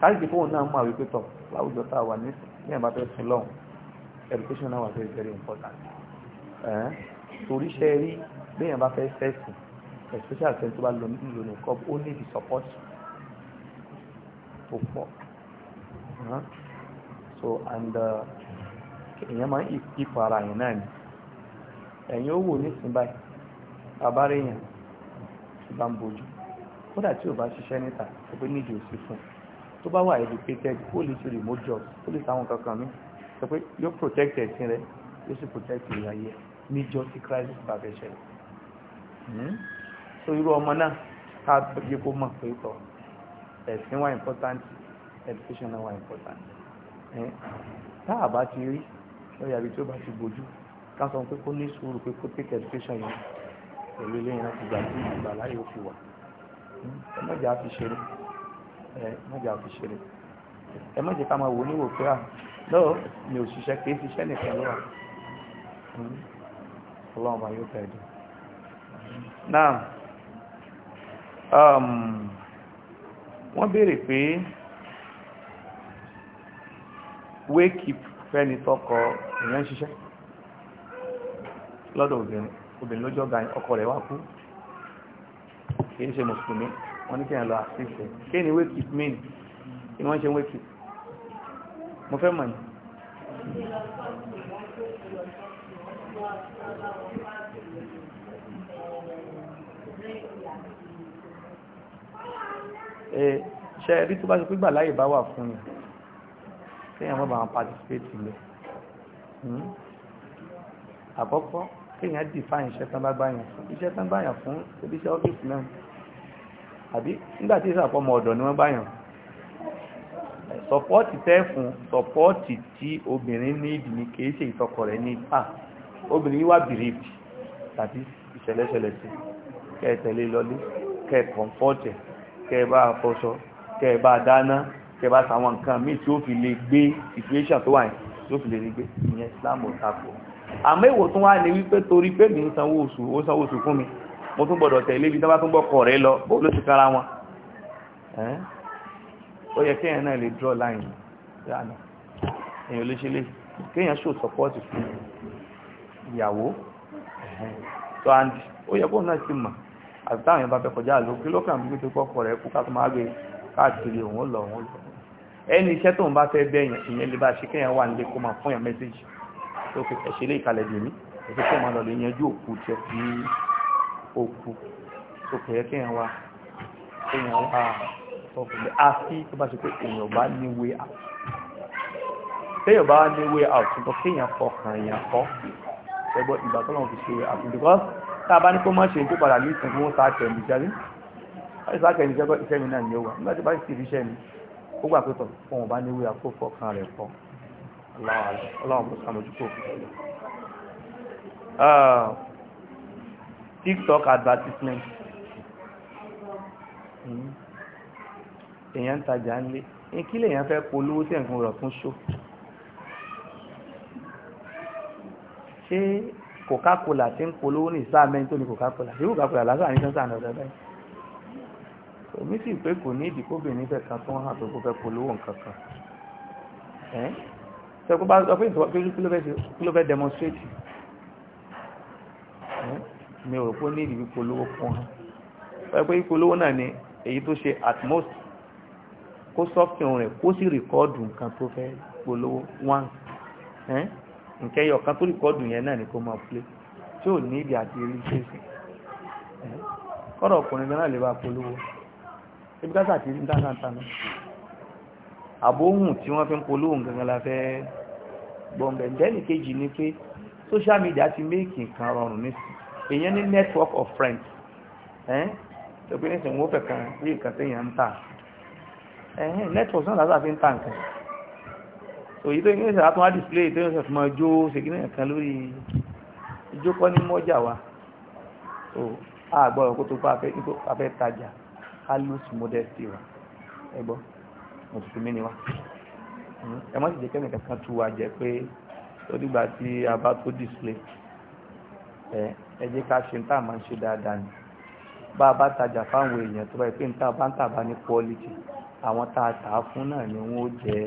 káàkiri fóun náà mọ̀ wípé tọ̀ láwùjọ tá a wà ní ẹ̀bá fẹ́ sin lọ́hùn education náà wà very very important. Eh? torí ṣe rí béèyàn bá fẹ́ fẹ́sìn especially àti ẹni tó bá lọ nílò nìkan ó ní ìdí support tó pọ̀ so and uh, èèyàn máa ń ipò ara yẹn náà ni ẹ̀yin ó wò nísìnyí báyìí bàbá rẹ̀ yẹn ti bá ń bójú kódà tí ò bá ṣiṣẹ́ níta tó pé nídìí òsì fún un tó bá wà educated ó lè ṣe remote jobs ó lè ṣàwọn kankan mi sọ pé yóò protect ẹ̀sìn rẹ̀ yóò sì protect ìyá yẹ̀ níjọ́ tí crisis bá fẹ́ ṣẹlẹ̀ hmm? so irú ọmọ náà ká yẹ kó mọ̀ pé tọ ẹ̀sìn wà important education náà wà important tá a bá ti rí lọ́yà ibi tí ó bá ti bójú ká sọ pé kó ní sùúrù pé kó take education yìí pẹ̀lú eléyìí láti gbà tí ìgbà láyé ó fi wà hmm? ẹ mọ̀jà fi ṣeré ẹ mọ̀jà fi ṣeré ẹ mọ̀jà ká máa wò níwò pé à ah, lọ́ọ̀ mi ò ṣiṣẹ́ kì í ṣiṣẹ́ nìkan lọ́wọ́ ọlọ́run bá yóò tẹ̀lé náà wọ́n béèrè pé wake keep fẹ́ni tọkọ èèyàn ń ṣiṣẹ́ lọ́dọ̀ obìnrin obìnrin lójú ọ̀gá ọkọ rẹ̀ wá kú kìí ṣe mùsùlùmí wọ́n ní kí ẹ̀ lọ àṣìṣẹ́ kí ni wake keep mean kí wọ́n ṣe keep mo fẹ́ Eh, ṣe rí tó bá ṣe pé gbàláyè bá wà fún yàn kéèyàn mọ́ bá wọn participate lẹ̀ hmm? àkọ́kọ́ kéèyàn define iṣẹ́ tán bá gbáyàn fún iṣẹ́ tán gbáyàn fún ibi iṣẹ́ ọ́fíìsì náà àbí nígbà tí ìsàpọ̀ ọmọ ọ̀dọ̀ ni wọ́n gbáyàn sọpọ́ọ̀tì tẹ́ fún sọpọ́ọ̀tì tí obìnrin ní ìdí ni kìí ṣe ìtọkọ rẹ̀ ní ìpá ah, obìnrin yìí wá bìrìbì tàbí ìṣẹ̀lẹ̀ṣẹlẹ̀ sí kẹ́ ẹ tẹ̀lé lọlé kẹ́ ẹ kọ̀ǹfọ́tẹ̀ kẹ́ ẹ bá fọṣọ kẹ́ ẹ bá dáná kẹ́ ẹ bá sàwọn nǹkan míì tí ó fi lè gbé situation tó wà yẹn tí ó fi lè gbé ìyẹn Islam ò tako àmọ́ èwo tún wá ní wípé torí pé mi ń sanwó oṣù ó sanwó oṣù fún mi mo tún gbọ́dọ̀ tẹ̀lé ibi tí wọ́n bá tún gbọ́kọ̀ rẹ lọ bó ló ti kára wọn ó yẹ kéèyàn náà lè draw line yàrá èèyàn lè ṣe lè kéèyàn show support fún mi ìyàwó so and ó yẹ kó náà ti mọ̀ àti táwọn yẹn bá fẹ́ kọjá ló kí lọ́kàn bí tó kọ́kọ́ rẹ̀ kú ká tó máa gbé káàkiri òun lọ òun lọ ẹni iṣẹ́ tó ń bá fẹ́ bẹ́ yẹn ìyẹn lè bá ṣe kéèyàn wà nílé kó máa fún yàn mẹ́sẹ̀jì tó fi ẹ̀ṣẹ̀ lé ìkàlẹ̀ dè mí ẹ̀ṣẹ̀ tó máa lọ lè yanjú òkú tiẹ̀ sí òkú tó kẹ̀yẹ kéèyàn wà kéèyàn wà ọkùnrin àfi tó bá ṣe pé èèyàn bá ní way out téèyàn bá ní way out tó kéèyàn fọkàn èèyàn kọ́ ẹgbọ́ ìgbà tó lọ́wọ́ fi ṣe àtúndùkọ́ tá a bá ní kó mọ́ ṣe tó padà ní ìsìn fún sáàkẹ́ mi jáde láti sáàkẹ́ mi jẹ́kọ́ iṣẹ́ mi náà ní owó nígbà tí bá sì fi iṣẹ́ mi ó gbà pé tọ̀ fún ọba ní wíwá kó fọkàn rẹ̀ pọ̀ ọlọ́run kò sàmójúkò. Ah, TikTok advertisement hmm. èèyàn ń tajà ń lé kí lèèyàn fẹ́ polówó sí ẹ̀gbọ́n rẹ̀ fún ṣó. ṣé coca-cola ti ń polówó ní ìsáàmẹ́ tó ní coca-cola ṣé coca-cola lásán ní sánsán ọ̀dọ̀ báyìí omi sì pé kò ní ìdíkóbìnrin fẹ̀ kan tó ń hàn tó kó fẹ́ polówó nǹkan kan ẹ́ sọ pé bá sọ pé ìtọ́wọ́ pé kí ló fẹ́ demonstrate mi ò pé ní ìdí polówó kan hàn pé polówó náà ni èyí tó ṣe at most kó sọ́fìn rẹ̀ kó sì rìkọ́ọ̀dù nǹkan tó fẹ́ polówó once nǹkan ẹyọ kan tó rìkọ́dù yẹn náà ni kó máa plé tí ò ní ibi àti eré ṣèṣì kọ́dọ̀ ọkùnrin gan náà lè bá polówó ibi ká sàtì rí dáńtàntàná àbóhùn tí wọ́n fi ń polówó gangan la fẹ́ gbọ̀ǹbẹ̀ dẹ́nì kejì ni pé social media ti méèkì nǹkan rọrùn ní èèyàn ní network of friends tó pé nísìnyí wọ́n fẹ̀ kan bí nǹkan téèyàn ń tà network náà lásà fi ń tà nǹkan òyìn tó yín sàtún á display tó yín sọ fún ọjọ́ ṣègínà kan lórí ìjókòó ní mọ́jà wa so àgbọ̀rọ̀ kó tó pa afẹ́ tajà ká lose modesty wa ẹgbọ́ mùsùlùmí ni wa ẹ má sì jẹ́ kẹ́mìkan kan tú wa jẹ́ pé ó dìgbà tí a bá tó display ẹ jẹ́ ká ṣe ń tà máa ń ṣe dáadáa ni bá a bá tajà fáwọn èèyàn tó bá yẹ pé ń tà bá ń tà bá ní quality àwọn tá a tà á fún náà ni wọ́n ó jẹ́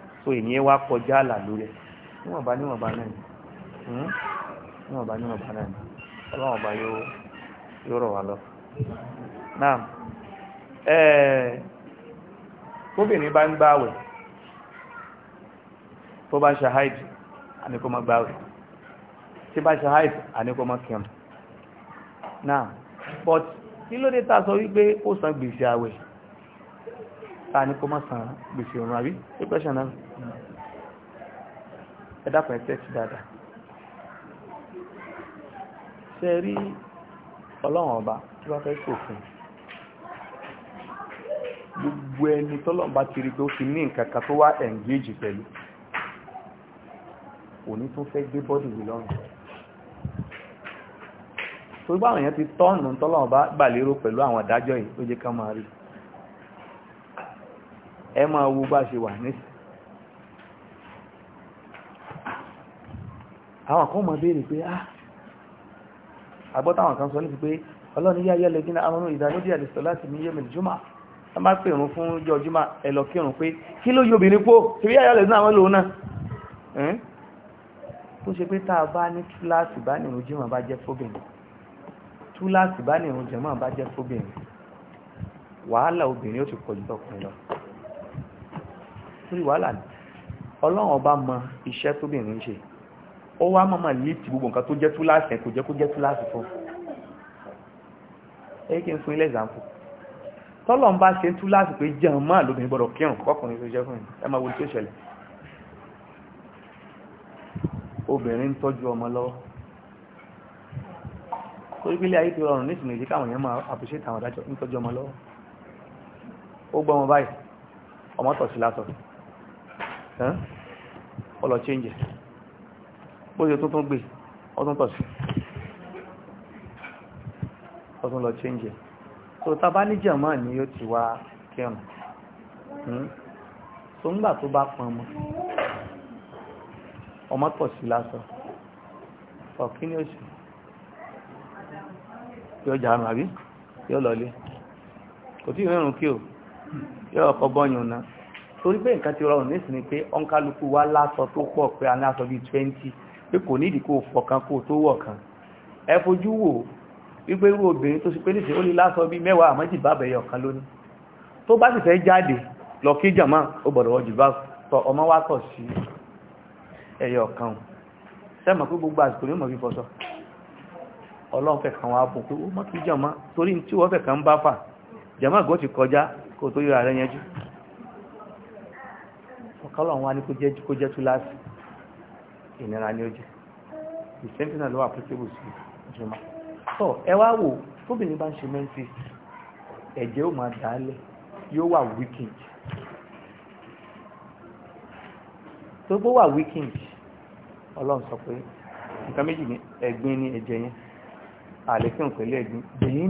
so ìyẹn wá kọjá àlà lórí ẹ̀ níwọ̀nba níwọ̀nba náà ni níwọ̀nba hmm? níwọ̀nba náà ni ọlọ́wọ̀n yóò rọ̀ wá lọ. tóbìnrin bá ń gbààwẹ̀ tó bá ń ṣe haid àníkó tí bá ṣe haid àníkó máa náà but kí ló dé tá sọ wípé ó san gbèsè àwẹ̀ ta ní kó mọ́ gbèsè òun àbí ṣé pẹ́ṣẹ̀ náà ẹ dákun ṣe rí ọlọ́run gbogbo ẹni tọ́lọ́mbà ti rí pé ó fi ní nǹkan kan tó wá pẹ̀lú òní tún fẹ́ gbé bọ́dì yìí lọ́rùn tó ti tọ́ọ̀nù pẹ̀lú àwọn àdájọ́ yìí jẹ́ ẹ máa wo bá ṣe wà ní àwọn kan mọ̀ béèrè pé ah agbọ́tàwọn kan sọ ní ti pé ọlọ́ni yá yẹ́lẹ̀ gínà amọ́nú ìdánilódì àdìsọ láti ní yẹ́mìlì jùmọ̀ a máa pèrún fún jọ jùmọ̀ ẹ̀lọ kírun pé kí ló yóbìnrin pó tí bí yáyọ́ lè ní àwọn lòun náà tó ṣe pé tá a bá ní túláàsì torí wàhálà ní ọlọ́run ọba mọ iṣẹ́ tóbìnrin ṣe ó wá mọ́mọ́ lift gbogbo nǹkan tó jẹ́ túláàsì ẹ̀ kò jẹ́ kó jẹ́ túláàsì fún ẹ kí n fún ilé ìzàmpù tọ́lọ̀ ń bá ṣe túláàsì pé jẹun máa lóbìnrin gbọ́dọ̀ kírun kọkùnrin tó jẹ́ fún ẹ máa wo tí ó ṣẹlẹ̀ obìnrin ń tọ́jú ọmọ lọ́wọ́ torí pé ilé ayé ti rọrùn nísìnyí ìdí káwọn èèyàn máa àpòṣe tàwọn adájọ́ ń tọ́jú ọmọ lọ́wọ́ ó gbọ́ ọmọ báyìí ọmọ tọ̀ sí lásọ̀rọ̀ ọlọ̀ change bó ṣe tuntun gbé ọdún tọ̀ sí ọdún lọ change so ta bá ní jẹ̀mọ́ ni yóò ti wá kẹrùn hmm? so ńgbà tó bá pọn mọ́ ọmọ tọ̀ sí lásán ọ̀kí ni ó sì yóò jàrùn àbí yóò lọlé kò tí ìrìnrìn kí o yóò ọkọ̀ bọ́yùn náà torí pé nǹkan ti rọrùn nísìnyí pé ọ̀nkálukú wá lásọ tó pọ̀ pé a ní aṣọ bíi 20 pé kò ní ìdíkò fọ̀kan kò tó wọ̀ ẹ fojú wò wípé irú obìnrin tó sì pé níṣẹ́ ó lásọ bíi mẹ́wàá lónìí tó bá sì jáde lọ kí jàmá ó ẹ̀yọ̀ kan sẹ́mọ̀ ní kó tó kọ́lọ̀ wọn ni kó jẹ́ túláàsì ìnira ni ó jẹ́ ìsẹ́ntìnà lọ́wọ́ àpótébù sí ìjọmá tọ́ ẹ wá wò tóbìnrin bá ń ṣe mẹ́ntì ẹ̀jẹ̀ ó máa dàálẹ̀ yóò wà weekend tó bó wà weekend ọlọ́run sọ pé nǹkan méjì ní ẹ̀gbin ní ẹ̀jẹ̀ yẹn àlékún pẹ̀lú ẹ̀gbin bẹ́ẹ̀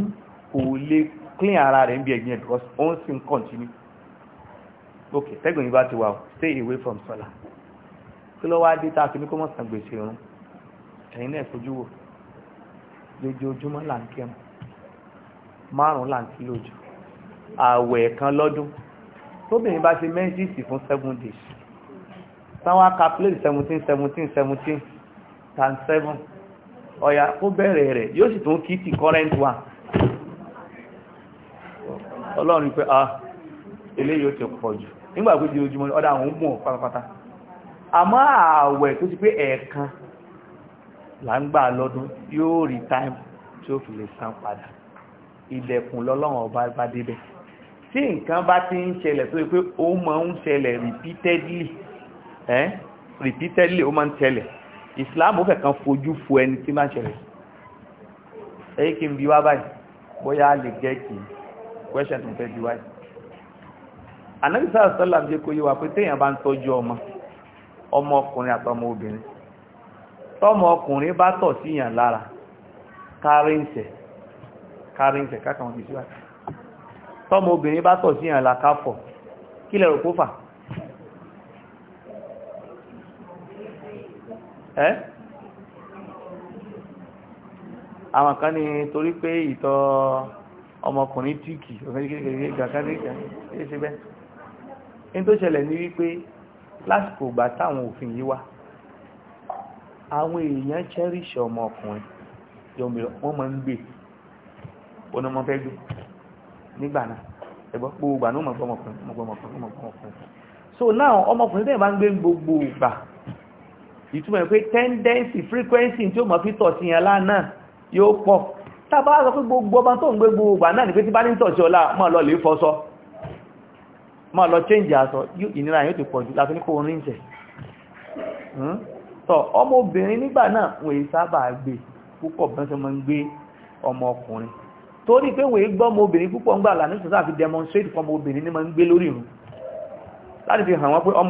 kò lè clean ara rẹ̀ ń bí ẹ̀gbin ẹ̀ because ó ń sin continue Okay, tẹ́gùn yìí bá ti wà ó stay away from sọ́là kí ló wá dé tá a fi ní kó mọ̀ san gbèsè òun ẹ̀yin náà fojú wò lójoojúmọ́ là ń kírun márùn-ún là ń kí lójú ààwẹ̀ kan lọ́dún tóbìnrin bá ṣe mẹ́jìsì fún seven days táwọn akápílẹ̀ seventeen seventeen seventeen times seven ọ̀yà ó bẹ̀rẹ̀ rẹ̀ yóò sì tún kí ti current one ọlọ́run pé ah eléyìí ó ti pọ̀ jù nígbàgbé di ojúmọ́ ọdá àwọn ń gùn pátápátá àmọ́ ààwẹ̀ tó ti pé ẹ̀ẹ̀kan là lọ́dún yóò rí time tí ó fi lè san padà ilẹ̀kùn lọ́lọ́run ọba bá débẹ̀ tí nǹkan bá ti ń ṣẹlẹ̀ tó pé ó máa ń ṣẹlẹ̀ repeatedly eh repeatedly ó máa ń ṣẹlẹ̀ Islam ó kẹ̀kan fojú fo ẹni tí máa ń ṣẹlẹ̀ ẹ̀yí kí n bí wá báyìí bóyá lè gẹ́ kí question tó fẹ́ bí wáyìí ànábìsá sọ́làm jẹ́ kó yé wa pé téèyàn bá ń tọ́jú ọmọ ọmọ ọkùnrin àtọmọ obìnrin tọmọ ọkùnrin bá tọ̀ síyàn lára kárínṣẹ̀ kárínṣẹ̀ kákàwọn ti síwájú tọmọ obìnrin bá tọ̀ síyàn lára káfọ̀ kí lẹ rò ọmọkùnrin tíkì ọ̀fẹ́ kékeré gàkàdé kẹ́ in tó ṣẹlẹ̀ ní wípé lásìkò ìgbà táwọn òfin yìí wá àwọn èèyàn cherish ọmọ ọkùnrin wọ́n máa ń gbé oní ọmọ fẹ́ gbé nígbà náà ẹgbọ́ gbogbo ìgbà náà mọ̀gbọ́mọkùnrin so now ọmọkùnrin tẹ́ẹ̀ máa ń gbé gbogbo ìgbà ìtumọ̀ pé tendency frequency tí ó mọ̀ fi tọ̀ sí yẹn lánà yóò pọ̀ tàbá sọ pé gbogbo ọba tó ń gbé gbogbo ìgbà náà ní pé tí bá ní tọ̀ sí ọlá mọ́ lọ lè fọ́ sọ ma lọ change aṣọ ìnira yóò ti pọ̀jù láti so kó orin jẹ̀ hmm? tọ́ ọmọbìnrin nígbà náà wọ́n èyí sábà gbé púpọ̀ bọ́n ṣe máa ń gbé torí pé wee èyí gbọ́ ọmọbìnrin púpọ̀ ńgbà lànà ìṣẹ́sà fi demonstrate for obirin gbe lori fi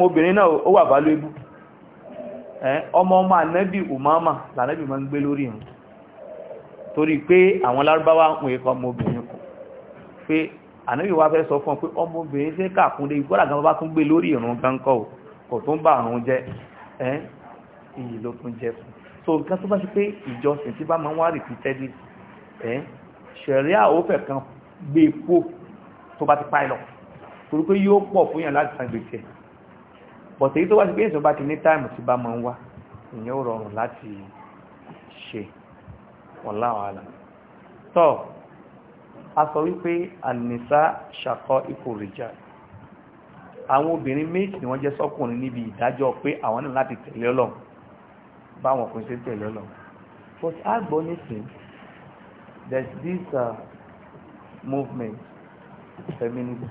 obirin na ọmọ ọmọ umama la anabi obirin ànábì wa fẹ́ sọ fún ọ pé ọmọbìnrin ṣe kàkúndé ìgbọ́dà gan bá tún gbé lórí ìrún gánkọ́ ò kò tó ń bá àrùn jẹ ẹ́ iyì ló tún jẹ fún so nǹkan tó bá ṣe pé ìjọsìn tí bá máa ń wá rìpítẹ́dì ẹ́ ṣẹ̀rí àwòfẹ́ kan gbé epo tó bá ti pa ìlọ torí pé yóò pọ̀ fún yàn láti san gbèsè bọ̀tẹ̀ yìí tó bá ṣe pé ìṣọba ti ní táìmù tí bá máa ń wá ìyẹn ò rọrùn láti ṣe wọ́n láwọn a sọ wípé ànìsá ṣàkọ ipò rìjà àwọn obìnrin méjì ni wọ́n jẹ́ sọ́kùnrin níbi ìdájọ́ pé àwọn náà láti tẹ̀lé ọlọ́run báwọn ọkùnrin ṣe tẹ̀lé ọlọ́run but a gbọ́ nísìn there's this uh, movement feminism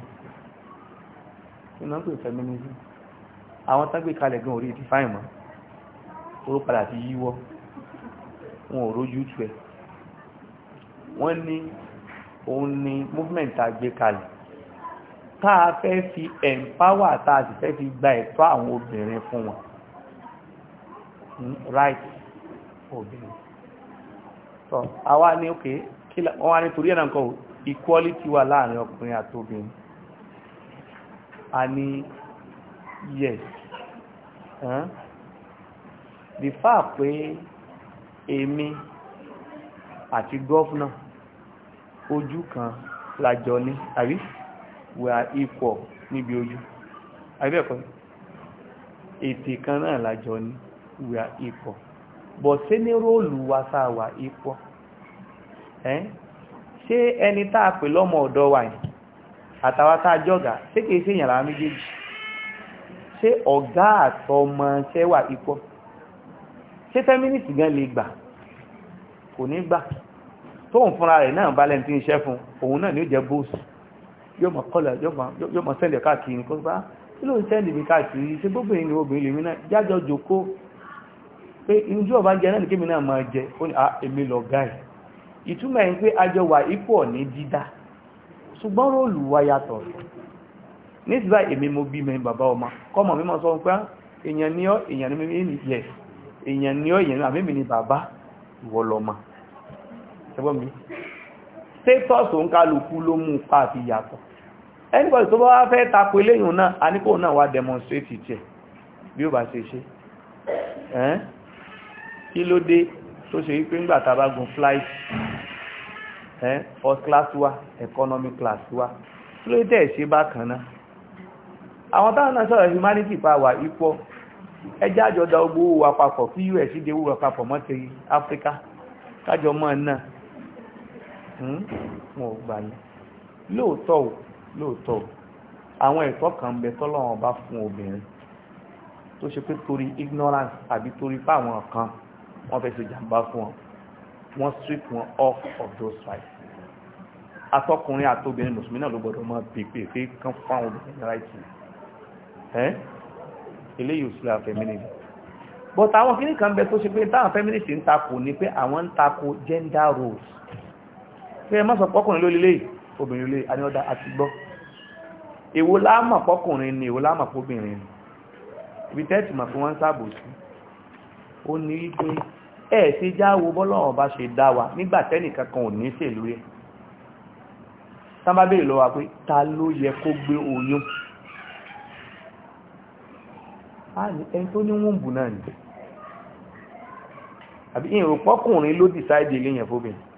iná pè feminism àwọn tágbé kalẹ̀ gan orí ti fáìn mọ́ oró padà ti yíwọ́ wọn ò rójú tu ẹ̀ wọ́n ní òun ni movement tá a gbé kalẹ̀ tá a fẹ́ fi empower tá a sì fẹ́ fi gba ẹ̀tọ́ àwọn obìnrin fún wọn hmm, right obìnrin so àwa ní òkè wọ́n wá nítorí ẹ̀nà nǹkan equality wà láàrin ọkùnrin àti obìnrin a ní yes the fact pé èmi àti gọ́fúnà ojú kan lájọ ní àbí we are equal níbi ojú àbí ẹ̀kọ́ ètè kan náà lájọ ní we are equal bọ̀ sí ní róòlù wa sáà wà equal ẹ́n ṣé ẹni tá a pè lọ́mọ ọ̀dọ́ wa yìí àtàwà tá a jọ́gà ṣé kìí ṣe ìyànlá méjèèjì ṣé ọ̀gá àtọmọ ṣẹ́ wà ṣé fẹ́mínísì gan lè gbà kò ní gbà tóun fúnra rẹ̀ náà bá tí ń ṣẹ́ fún òun náà ni ó jẹ́ bóòsù yóò mọ̀ kọ́lẹ̀ yóò mọ̀ sẹ́lẹ̀ káàkiri kó bá kí ló ń sẹ́lẹ̀ mi káàkiri ṣe gbóbìnrin ni obìnrin lèmi náà jájọ jòkó pé inú ọba jẹ náà ní kémi náà máa jẹ ó ní èmi lọ gáì ìtumọ̀ ẹ̀ pé ajọ wà ipò ní dídá ṣùgbọ́n róòlù wa yàtọ̀ ní ti báyìí èmi mo bí mẹ́rin bàbá ọmọ ẹgbọ́n mi status ń kálukú ló mú pa àti yàtọ̀ anybody tó bá wá fẹ́ tako eléyìn náà a ní kò náà wá demonstrate tiẹ̀ bí ó bá ṣe ṣe ẹ́n kí ló dé tó ṣe wípé ńgbà tá bá gun flight ẹ́n first class wa economy class wa kí ló dé ṣe bákan náà àwọn táwọn náà sọ̀rọ̀ humanity power ipò ẹjá àjọ da ogbó wa papọ̀ kí us dé wúrọ̀ papọ̀ mọ́ ti Africa kájọ mọ́ náà Hmm? wọn ò gbà ní lóòótọ́ ò lóòótọ́ ò àwọn ẹ̀tọ́ kan bẹ tọ́lọ́wọ́n bá fún obìnrin tó ṣe pé torí ignorance àbí torí fáwọn kan wọ́n fẹ́ ṣe jàǹbá fún wọn wọ́n strip wọn off of those rights atọ́kùnrin àtobìnrin mùsùlùmí náà ló gbọ́dọ̀ máa pèpè pé kán fáwọn obìnrin ráìtì ẹ́ eléyìí ò sí la feminism but àwọn kìnnìkan bẹ tó ṣe pé táwọn feminist ń takò ni pé àwọn ń takò gender roles pé ẹ mọ́sàn pọ́kùnrin ló lélẹ̀ obìnrin lè àní ọ̀dà àti gbọ́ èwo láàmà pọ́kùnrin ni èwo láàmà pọ́bìnrin ni ibi tẹ́ẹ̀tì mà fún wọn sáàbò sí ó ní wípé ẹ̀ ṣe jáwo bọ́lọ́run bá ṣe dá wa nígbà tẹ́nìkan kan ò ní ṣèlú rẹ̀ tán bá béèrè lọ́wọ́ pé ta ló yẹ kó gbé oyún ẹni ló dìsáìdì ilé yẹn fóbìnrin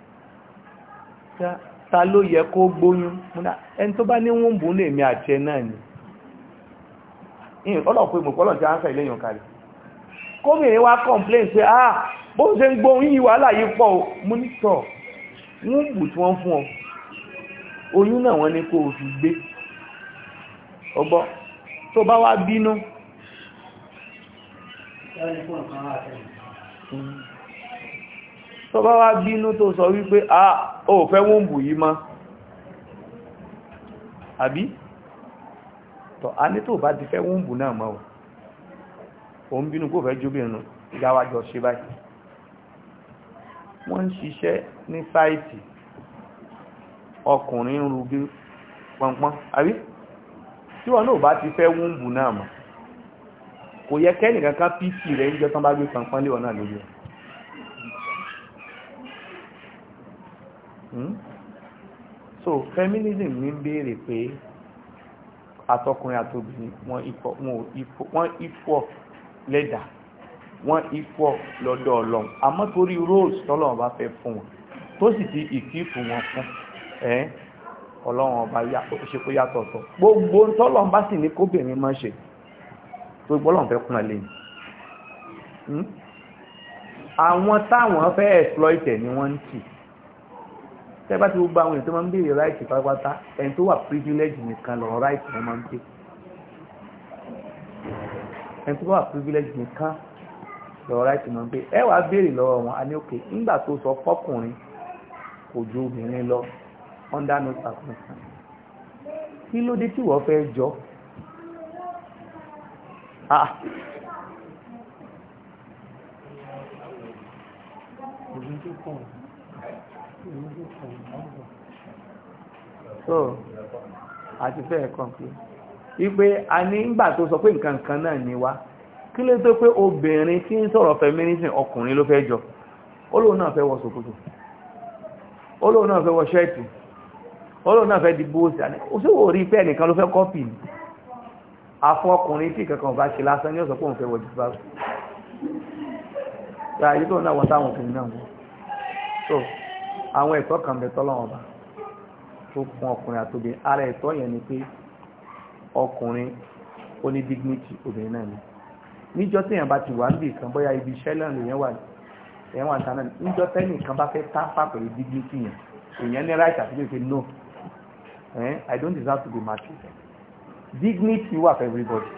ta ló yẹ kó gbóyún múná ẹni tó bá ní wọ́n bú lè mi àjẹ náà ni ọlọ́pọ̀ ìmọ̀pọ̀lọ̀ ti ánsà ilé ìyànkalì kómìnrin wá complain pé ah bó ṣe ń gbóhun yìí wàhálà yìí pọ̀ mú nítọ̀ wọ́n bù tí wọ́n fún ọ oyún náà wọ́n ní kó o fi gbé ọgbọ́ tó bá wá bínú tó bá wá bínú tó sọ wípé a ò fẹ́ wọ́n bù yí mọ́ àbí tọ̀ a ní tó bá ti fẹ́ wọ́n bù náà mọ́ ò ń bínú kó fẹ́ jóbìnrin yáwájọ́ ṣe báyìí wọ́n ń ṣiṣẹ́ ní sáìtì ọkùnrin ń rubí pọnpọ́n àbí tí wọ́n náà bá ti fẹ́ wúńbù náà mọ̀ kò yẹ kẹ́nìkan kan pìtì rẹ̀ ń jẹ́ tán bá gbé pọnpọ́n lé wọn náà lójú rẹ̀ Hmm? so feminism ní béèrè pé àtọkùnrin àtobìnrin wọ́n ifọ̀ lẹ́dà wọ́n ifọ̀ lọ́dọ̀ ọlọ́run àmọ́ torí roles tọ́lọ́run bá fẹ́ fún wọn tó sì ti ìkífù wọn fún ẹ́ ọlọ́run ọba ṣe kó yàtọ̀ ọ̀tọ̀ gbogbo tọ́lọ́run bá sì ní kóbìnrin máa ṣe tó gbọ́lọ́run fẹ́ kún ẹ lẹ́yìn hmm? àwọn táwọn fẹ́ exploit ẹ̀ ni wọ́n ń tì tẹ́gbà tí gbogbo àwọn èèyàn tó máa ń béèrè ráìtì pátápátá ẹni tó wà privilege nìkan lọ ráìtì wọn máa ń pè ẹni tó wà privilege nìkan lọ ráìtì máa ń pè ẹ wàá béèrè lọ́wọ́ wọn a ní òkè nígbà tó sọ fọ́kùnrin kò ju obìnrin lọ under no circumstance kí ló dé tí wọ́n fẹ́ jọ Thank ah. so àti fẹ́ ẹ̀kan pé wípé a ní ìgbà tó sọ pé nǹkan kan náà ni wá kí ló tó pé obìnrin tí ń sọ̀rọ̀ feminism ọkùnrin ló fẹ́ jọ olóòun náà fẹ́ wọ ṣòkòtò olóòun náà fẹ́ wọ ṣẹ́ẹ̀tì olóòun náà fẹ́ di bóòsì àní òṣèwò rí pé ẹnìkan ló fẹ́ kọ́pì ní afọ́kùnrin tí kankan bá ṣe lásán ní ọ̀sọ̀ pé òun fẹ́ wọ jùlọ náà wọ́n táwọn náà wọ́n àwọn ẹ̀tọ́ kan bẹ tọ́lọ́wọ́n bá tó fún ọkùnrin àtòbí ara ẹ̀tọ́ yẹn ni pé ọkùnrin ó ní dignity obìnrin náà ni níjọ́ tí èèyàn bá ti wà níbi ìkan bóyá ibi iṣẹ́ lẹ́nu èèyàn wà èèyàn wà tánà níjọ́ tẹ́nì kan bá fẹ́ tápà pẹ̀lú dignity yẹn èèyàn ní right àti lè no I don't deserve to be maltreated dignity wà for everybody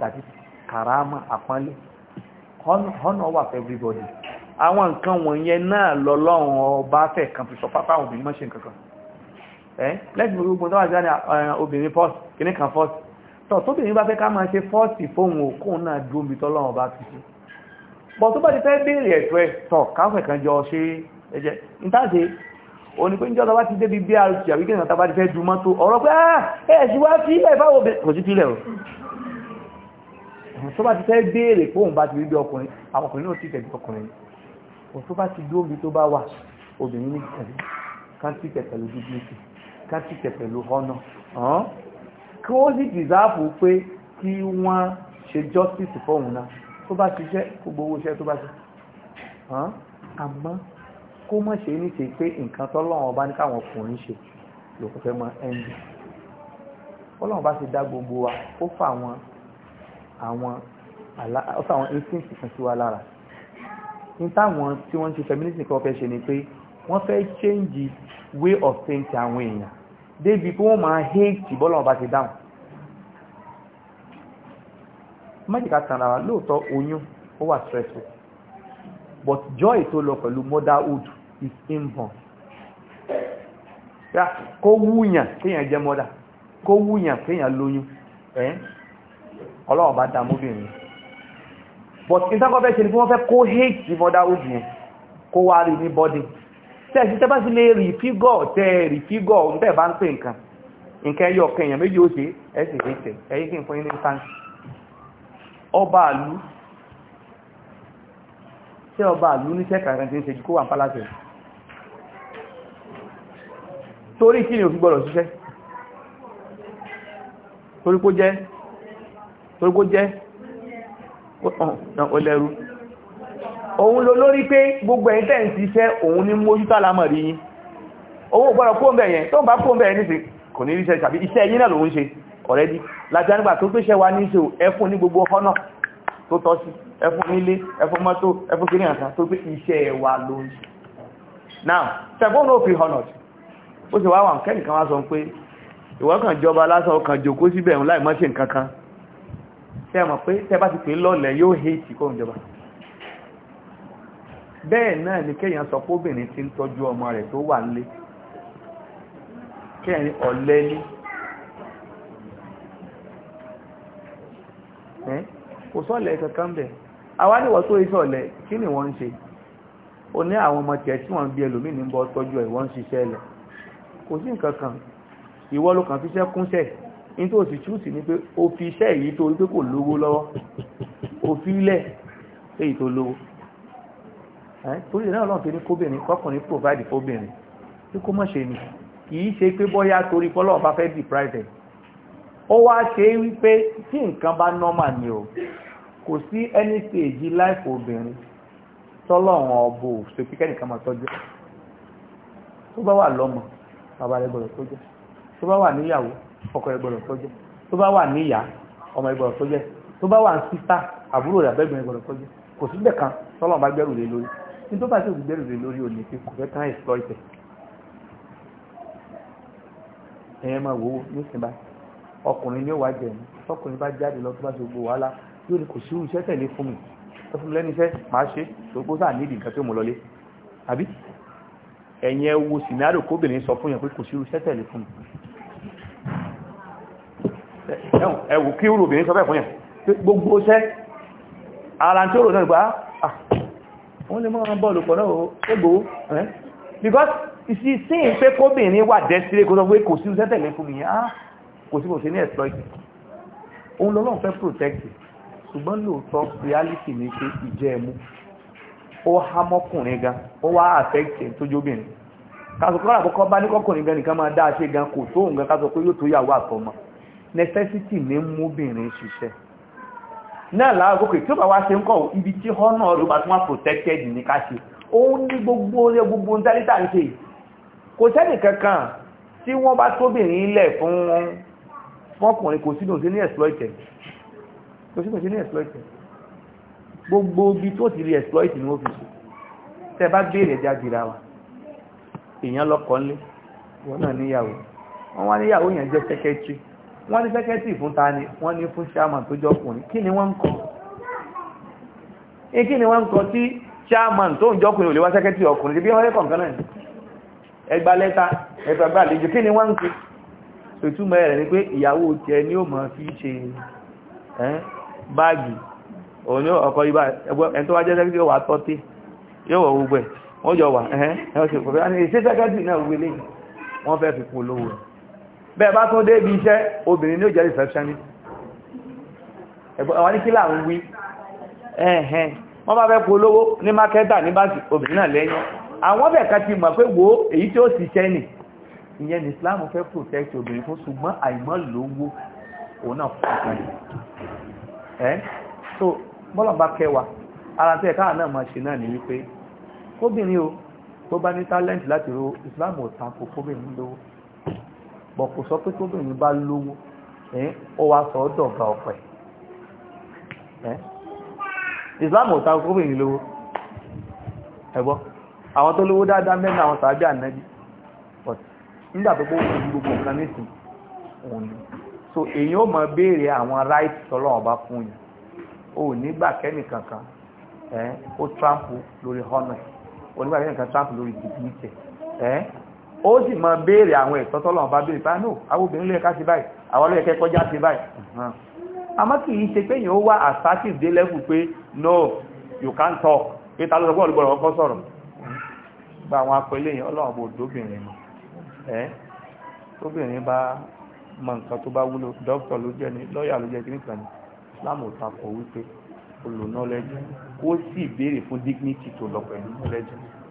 that is karama àpọ́nlé honor wà for everybody àwọn nǹkan wọ̀nyẹn náà lọ́lọ́run ọba fẹ́ kan fi sọ pápá obìnrin mọ́ ṣe nǹkan kan ẹ́ lẹ́gbẹ̀ẹ́ gbogbo tó wà sí ní obìnrin fọ́s kìíní kan fọ́s tọ̀ tóbìnrin bá fẹ́ ká máa ṣe fọ́ọ̀sì fóun òkun náà dúró mi tọ́lọ́run ọba fi sí bọ̀ tó bá ti fẹ́ béèrè ẹ̀tọ́ ẹ̀ tọ̀ káfẹ́ kan jọ ṣe ẹjẹ́ ìtàṣe òní pé níjọ́ tọba ti débi brt àwíkẹ́ ìrìnàta bá ti fẹ́ ju mọ́tò ọ̀rọ̀ pé ah, ẹ̀ẹ̀sì wá sí ẹ̀fáwọ̀ kò sí tílẹ̀ tó bá ti fẹ́ béèrè pé òun bá ti rí bí ọkùnrin àwọn ọkùnrin náà ti tẹ̀lé ọkùnrin ò tó bá ti dúró bí tó bá wà obìnrin ní kẹ̀lú kántíkẹ̀ pẹ̀lú dignity kántíkẹ̀ pẹ̀lú honor hàn kí wọ́n sì dìsáàbù pé kí wọ́n ṣe justice fóun náà tó bá ti jẹ́ gbogbo owó iṣẹ́ tó bá ti hàn àmọ́ kó mọ̀ ṣe ní ṣe pé nǹkan tọ́lọ́wọ́n bá ní káwọn ọkùnrin ṣe lòkù fẹ́ mọ ẹnjì ọlọ́run bá ti dá gbogbo wa ó fà àwọn àwọn instinct kan sí wa lára ní táwọn tí wọ́n ṣe feminism kan fẹ́ ṣe ni pé wọ́n fẹ́ change way of thinking àwọn èèyàn débi pé wọ́n máa hate bọ́lọ̀ ọba ti dáhùn mẹ́jìká tàn ara lóòótọ́ oyún ó wà stressful but joy tó lọ pẹ̀lú motherhood is inborn kó wúyàn kéèyàn jẹ́ mother kó wúyàn kéèyàn lóyún ọlọ́run bá dá mọ́bìnrin but ìtàkọ́fẹ́ ṣe ni wọ́n fẹ́ kó hate motherhood yẹn kó wá rí ní body tẹ́ẹ̀sí tẹ́ bá sí lè rí fígọ̀ tẹ́ rí fígọ̀ ń bẹ́ẹ̀ bá ń pè nǹkan nǹkan ẹyọ ọ̀kan èèyàn méjì ó ṣe ẹ̀sìn ìṣẹ̀ ẹ̀yìn kí n fún yín ní sáǹsì ọba àlú ṣé ọba àlú ní sẹ́kà kan ti ń ṣejú kó wà ń pálásẹ̀ torí kí ni òfin gbọ́dọ̀ ṣiṣẹ́ torí kó jẹ́ torí kó jẹ́ ó lẹ́rú òun ló lórí pé gbogbo ẹ̀yin tẹ́ẹ̀ ti iṣẹ́ òun ní mójú tálámọ̀ rí yín owó gbọ́dọ̀ kó bẹ̀ yẹn tó ń bá kó bẹ̀ yẹn nísìn kò ní ríṣẹ́ tàbí iṣẹ́ yín náà lòun ṣe ọ̀rẹ́dí láti nígbà tó gbéṣẹ́ wa ní ṣe ẹfún ní gbogbo ọ̀nà tó tọ́ sí ẹfún nílé ẹfún mọ́tò ẹfún kiri àǹkan tó gbé iṣẹ́ wa ló ń ṣe now sẹ́fóònù òfin honor ó sì wá wà kẹ́nìkan wá sọ pé ìwọ́kàn jọba lásán ọkàn jòkó síbẹ̀ ń láì mọ́ ṣe nǹkan kan tẹ́ mọ̀ pé tẹ́ bá ti pè lọ́lẹ̀ yóò hẹ́ẹ̀tì kó ìjọba bẹ́ẹ̀ náà ni kéèyàn sọ pé obìnrin ti ń tọ́jú ọmọ rẹ̀ tó wà nílé kéèyàn ọ̀lẹ́ ní kò sọ́lẹ̀ kankan bẹ̀ awádìwọ̀ tó iṣẹ́ ọ̀lẹ̀ kí ni wọ́n ń ṣe o ní àwọn ọmọ tiẹ̀ tí wọ́n ń bí ẹlòmíì ní bọ́ tọ́jú ẹ̀ wọ́n ń ṣiṣẹ́ lẹ̀ kò sí nǹkan kan ìwọ ló kúnṣẹ́ ní tó sì túùsì ni pé o fi iṣẹ́ èyí tó wípé kò lówó lọ́wọ́ o fi ilẹ̀ èyí tó lówó torí ìrìn náà tó ní kóbìnrin kọkùnrin provide fóbìnrin tí kó mọ̀ ṣe ni kìí ṣe pé bóyá torí fọ́lọ́wọ́ bá fẹ́ deprive ó wá ṣe wípé tí nǹkan bá normal ni o kò sí any stage life obìnrin tọ́lọ́run ọ̀bọ̀ ṣe pé kẹ́nìkan máa tọ́jú tó bá wà lọ́mọ bàbá tó jẹ́ tó bá wà níyàwó ọkọ ẹgbọ̀rọ̀ tọ́jẹ́ tó bá wà níyà ọmọ ẹgbọ̀rọ̀ tọ́jẹ́ tó bá wà ń síta àbúrò rẹ̀ abẹ́gbẹ̀rẹ̀ ẹgbọ̀rọ̀ tọ́jẹ́ kò sí bẹ̀ kan tọ́lọ̀ bá gbẹ́rù lé lórí ní tó bá sì gbẹ́rù lé lórí òní pé kò fẹ́ ká exploit ẹ̀yẹn máa wò ó ní ìsìn bá ọkùnrin ni ó wà jẹ̀mú tọkùnrin bá jáde lọ tó bá ṣe gbogbo wàhálà yóò ní kò sí iṣẹ́ tẹ̀lé fún mi tó fún mi lẹ́nu iṣẹ́ máa ṣe ṣògbó sáà nídìí nǹkan tó mú lọlé àbí ẹ̀yẹn wo scenario kóbìnrin sọ fún yẹn pé kò sí iṣẹ́ tẹ̀lé fún mi ẹ̀wù kí rò bèèrè sọ́fẹ́ fún yẹn gbogbo ṣẹ́ ara tí ó rò náà gbá ah, ah, wọ́n lè mọ́ bọ́ọ̀lù pọ̀ náà égbò ẹ́ because ìsì sí pé kóbìnrin wà dẹ́sílé kó sọ pé kò sí sẹ́tẹ̀lẹ́ fún mi á ah, kò sí kò sí ní exploit òun lọ́lọ́run fẹ́ protect ṣùgbọ́n lóòótọ́ reality ni pé ìjẹ́ ẹmú ó há mọ́kùnrin gan ó wá affect tójóbìnrin kásòkòrò àkọ́kọ́ bá ní kọ́kùnrin gan nìkan máa dáa ṣe gan kò tó òun gan kásòkòrò yóò tó yàwó àtọmọ́ necessity ní múbìnrin ṣiṣẹ́ náà láàgókè tí ó bá wá ṣe ń kọ̀ ibi tí ọ̀nà rẹ̀ bá tún wá protected ní ká ṣe òun ní gbogbo orí gbogbo ń dálítà ń ṣe kò sẹ́nì kankan tí wọ́n bá tóbìnrin lẹ̀ fún ọkùnrin kò sínú sí ní exploited kò sínú sí ní exploited gbogbo ibi tó ti rí exploit ní ọ́fíìsì tẹ bá béèrè jágbìra wa èèyàn lọ́kọ̀ọ́lé wọ́n náà níyàwó wọ́n wá níyàwó yẹn jẹ́ secretary wọ́n ní sẹ́kẹ́tì fún ta ni wọ́n ní fún ṣáàmà tó jọkùnrin kí ni wọ́n ń kọ́ eh, kí ni wọ́n ń kọ́ tí ṣáàmà tó ń jọkùnrin ò lè wá sẹ́kẹ́tì ọkùnrin bí ọ̀rẹ́ kọ̀ọ̀kan náà ẹgbà lẹ́ta ẹgbàgbà àlejò kí ni wọ́n ń kọ́ ìtumọ̀ rẹ̀ ni pé ìyàwó tiẹ̀ ni ó mọ̀ fi ṣe báàgì òun ni ọkọ̀ ibà ẹni tó wá jẹ́ sẹ́kẹ́tì wà tọ́tí yóò wọ̀ gbogbo ẹ̀ wọ́n jọ wà ẹ̀hẹ́ ẹ̀hẹ́ bẹ́ẹ̀ bá tún dé ibi iṣẹ́ obìnrin ní ó jẹ́ receptionist àwọn ní kí láàrin wí ẹ̀hẹ́n wọ́n bá fẹ́ polówó ní mákẹ́tà ní báńkì obìnrin náà lẹ́yìn àwọn bẹ̀ẹ̀ kan ti mọ̀ pé wo èyí tí ó sì ṣẹ́ nì ìyẹn ni Islam fẹ́ protect obìnrin fún ṣùgbọ́n àìmọ́ lówó òun náà fún ọkùnrin ẹ́ so bọ́lọ̀ bá kẹwàá ara tí ẹ̀ká náà máa ṣe náà ní wípé kóbìnrin o tó bá ní talent láti ro Islam ò tako kóbìnrin lówó bọ̀ kò sọ pé tóbìnrin bá lówó ó wá sọ ọ́ dọ̀gá ọ̀pẹ islam ò ta tóbìnrin lówó ẹ̀gbọ́ àwọn tó lówó dáadáa mẹ́rin àwọn sàábì ànábì nígbà tó gbówó gbogbo nǹkan nísìn o nígbà kẹ́nìkankan ẹ̀ ó trample lórí honor onígbà kẹ́nìkan trample lórí dignity ó sì mọ béèrè àwọn ẹ̀tọ́ tọ́lọ̀ bá béèrè bá ah, náà àwọn obìnrin lẹ́ẹ̀ká sí báyìí àwọn ọlọ́ẹ̀kẹ́ kọjá sí báyìí àmọ́ kì í ṣe ó wá pé no you can't talk pé ta sọ̀rọ̀ gba àwọn apẹlẹ yẹn ọlọ́run bò ẹ́ tóbìnrin bá mọ nǹkan tó bá wúlò ló jẹ́ ni ló jẹ́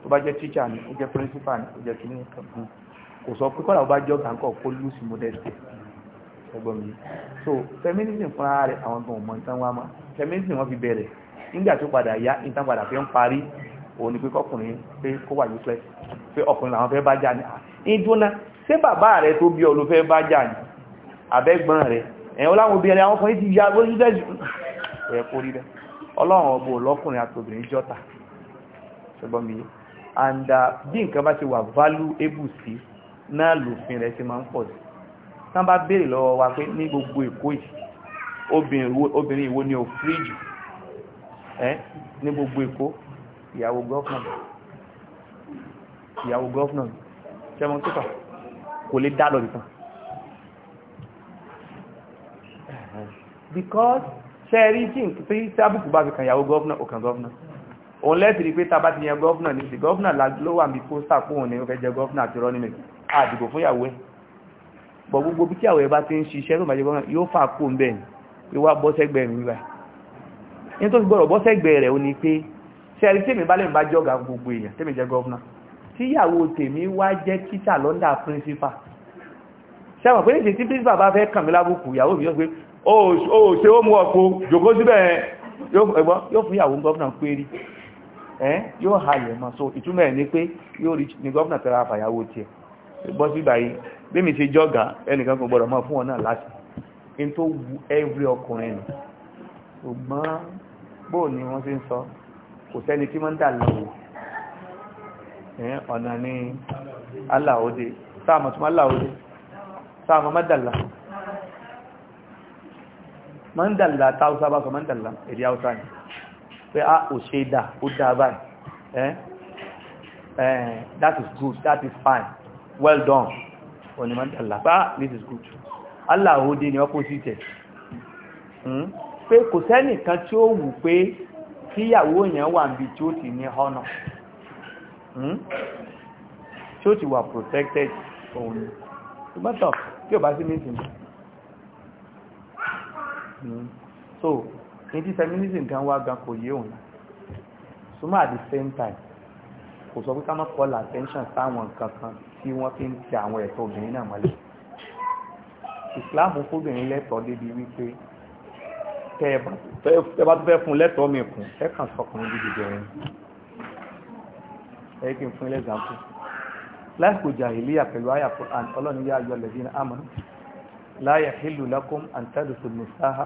tó bá jẹ́ tíṣà ni ó jẹ́ píríncípà ni ó jẹ́ kí ní kankan kò sọ pé kọ́lá ó bá jẹ́ ọ̀gá nǹkan kó lùsì modesty ẹgbọ́n mi so feminism fúnra rẹ̀ àwọn gan ọmọ nǹkan wá mọ́ feminism wọ́n fi bẹ̀rẹ̀ nígbà tó padà yá nǹkan padà fi ń parí òun ni pé kọkùnrin pé kó wà useless pé ọkùnrin làwọn fẹ́ bá jà ní ìdúná ṣé bàbá rẹ tó bí ọ ló fẹ́ bá jà ní àbẹ́gbọ́n rẹ ẹ̀yìn láwọn obìnrin àwọn ọkùnrin ti ya lójú dẹ́jù ẹ̀kọ́ rí bẹ́ ọlọ́run ọgbọ̀ lọ́kùnrin àtòbìnrin jọ́ta ṣẹgbọ́n mi yìí and uh, bí nǹkan bá ti wà valuable sí náà lòfin rẹ̀ ti máa ń pọ̀ sí tán bá béèrè lọ́wọ́ wa pé ní gbogbo èkó yìí obìnrin ìwo ni ò fíríjì ẹ́ ní gbogbo èkó ìyàwó gọ́fìnà ìyàwó gọ́fìnà ṣẹ́mọ́ tó kà kò lè dá lọ nìkan because ṣẹ́ẹ̀rí tí tábùkù bá fi kàn ìyàwó gọ́fìnà ò kàn gọ́fìnà òun lẹ́sìrí pé tàbá ti yan gọ́ọ̀fúnà ní sí gọ́ọ̀fúnà ló wà ní pósítà pé òun ni ó fẹ́ jẹ gọ́ọ̀fúnà àti rọ́nìmẹ̀ àdìbò fún ìyàwó ẹ̀ bọ̀ gbogbo bí kíyàwó ẹ bá ti ń ṣiṣẹ́ tó máa jẹ gọ́ọ̀fúnà yóò fà kó ń bẹ̀ ni wá bọ́sẹ́gbẹ̀ mi wá ní tó fi gbọ́dọ̀ bọ́sẹ́gbẹ̀ rẹ̀ ó ni pé sẹ́rí tèmi bá lẹ́nu bá jọ́gà gbogbo èèyàn tèmi jẹ́ gọ́ọ̀fúnà tíyàwó tèmi wá jẹ́ títà lọ́ndà píríncípà sẹ́wọ̀n pé níṣe tí píríncípà bá oh, oh, fún ìyàwó gọ́ọ̀fúnà péré yóò halẹ̀ mọ́ so ìtumọ̀ ẹ̀ ni pé yóò rí ní gọ́ọ̀nà tẹ́ra àfàyàwó tiẹ̀ bọ́ sí báyìí bí mi ṣe jọ́gà ẹnìkan kò gbọ́dọ̀ mọ́ fún wọn náà láti in tó wu every ọkùnrin nù ṣùgbọ́n bó ni wọ́n ṣe ń sọ kò sẹ́ni tí wọ́n ń dà lọ́wọ́ ọ̀nà ni aláwọ̀dé sáàmọ̀ tí wọ́n aláwọ̀dé sáàmọ̀ mọ́dàlá mọ́dàlá táwọ́sá bá sọ mọ́dàlá èdè haúsá ni pé á ah, ò ṣe dà ó dá báyìí eh? eh that is good that is fine well done onímọ̀dàlá bá ah, this is good aláhóde ni opposite ẹ̀ hmm? pé kò sẹ́nìkan tí ó wù pé kíyàwó èèyàn wà níbi tí ó ti ní ọ̀nà hmm? tí ó ti wà protected òun ni ṣùgbọ́tọ̀ tí ò bá sí ní hmm? so ní tí feminism gan wá gan kò yé òun súnmọ́ at the same time kò sọ pé ká má call attention sáwọn nǹkan kan tí wọ́n fi ń ti àwọn ẹ̀tọ́ obìnrin náà mọ́lẹ̀ islam fóbìnrin lẹ́tọ̀ọ́ débi wípé tẹ́ ẹ bá tó fẹ́ fún lẹ́tọ̀ọ́ mi kù ẹ kàn sọkùnrin gidi bẹ̀rẹ̀ ẹ kí n fún ilé example lásìkò jàhìlíyà pẹ̀lú àyà Qur'an ọlọ́run yá ayọ̀ lẹ́bí ní àmọ́ la yahillu lakum an tadkhulu nisaha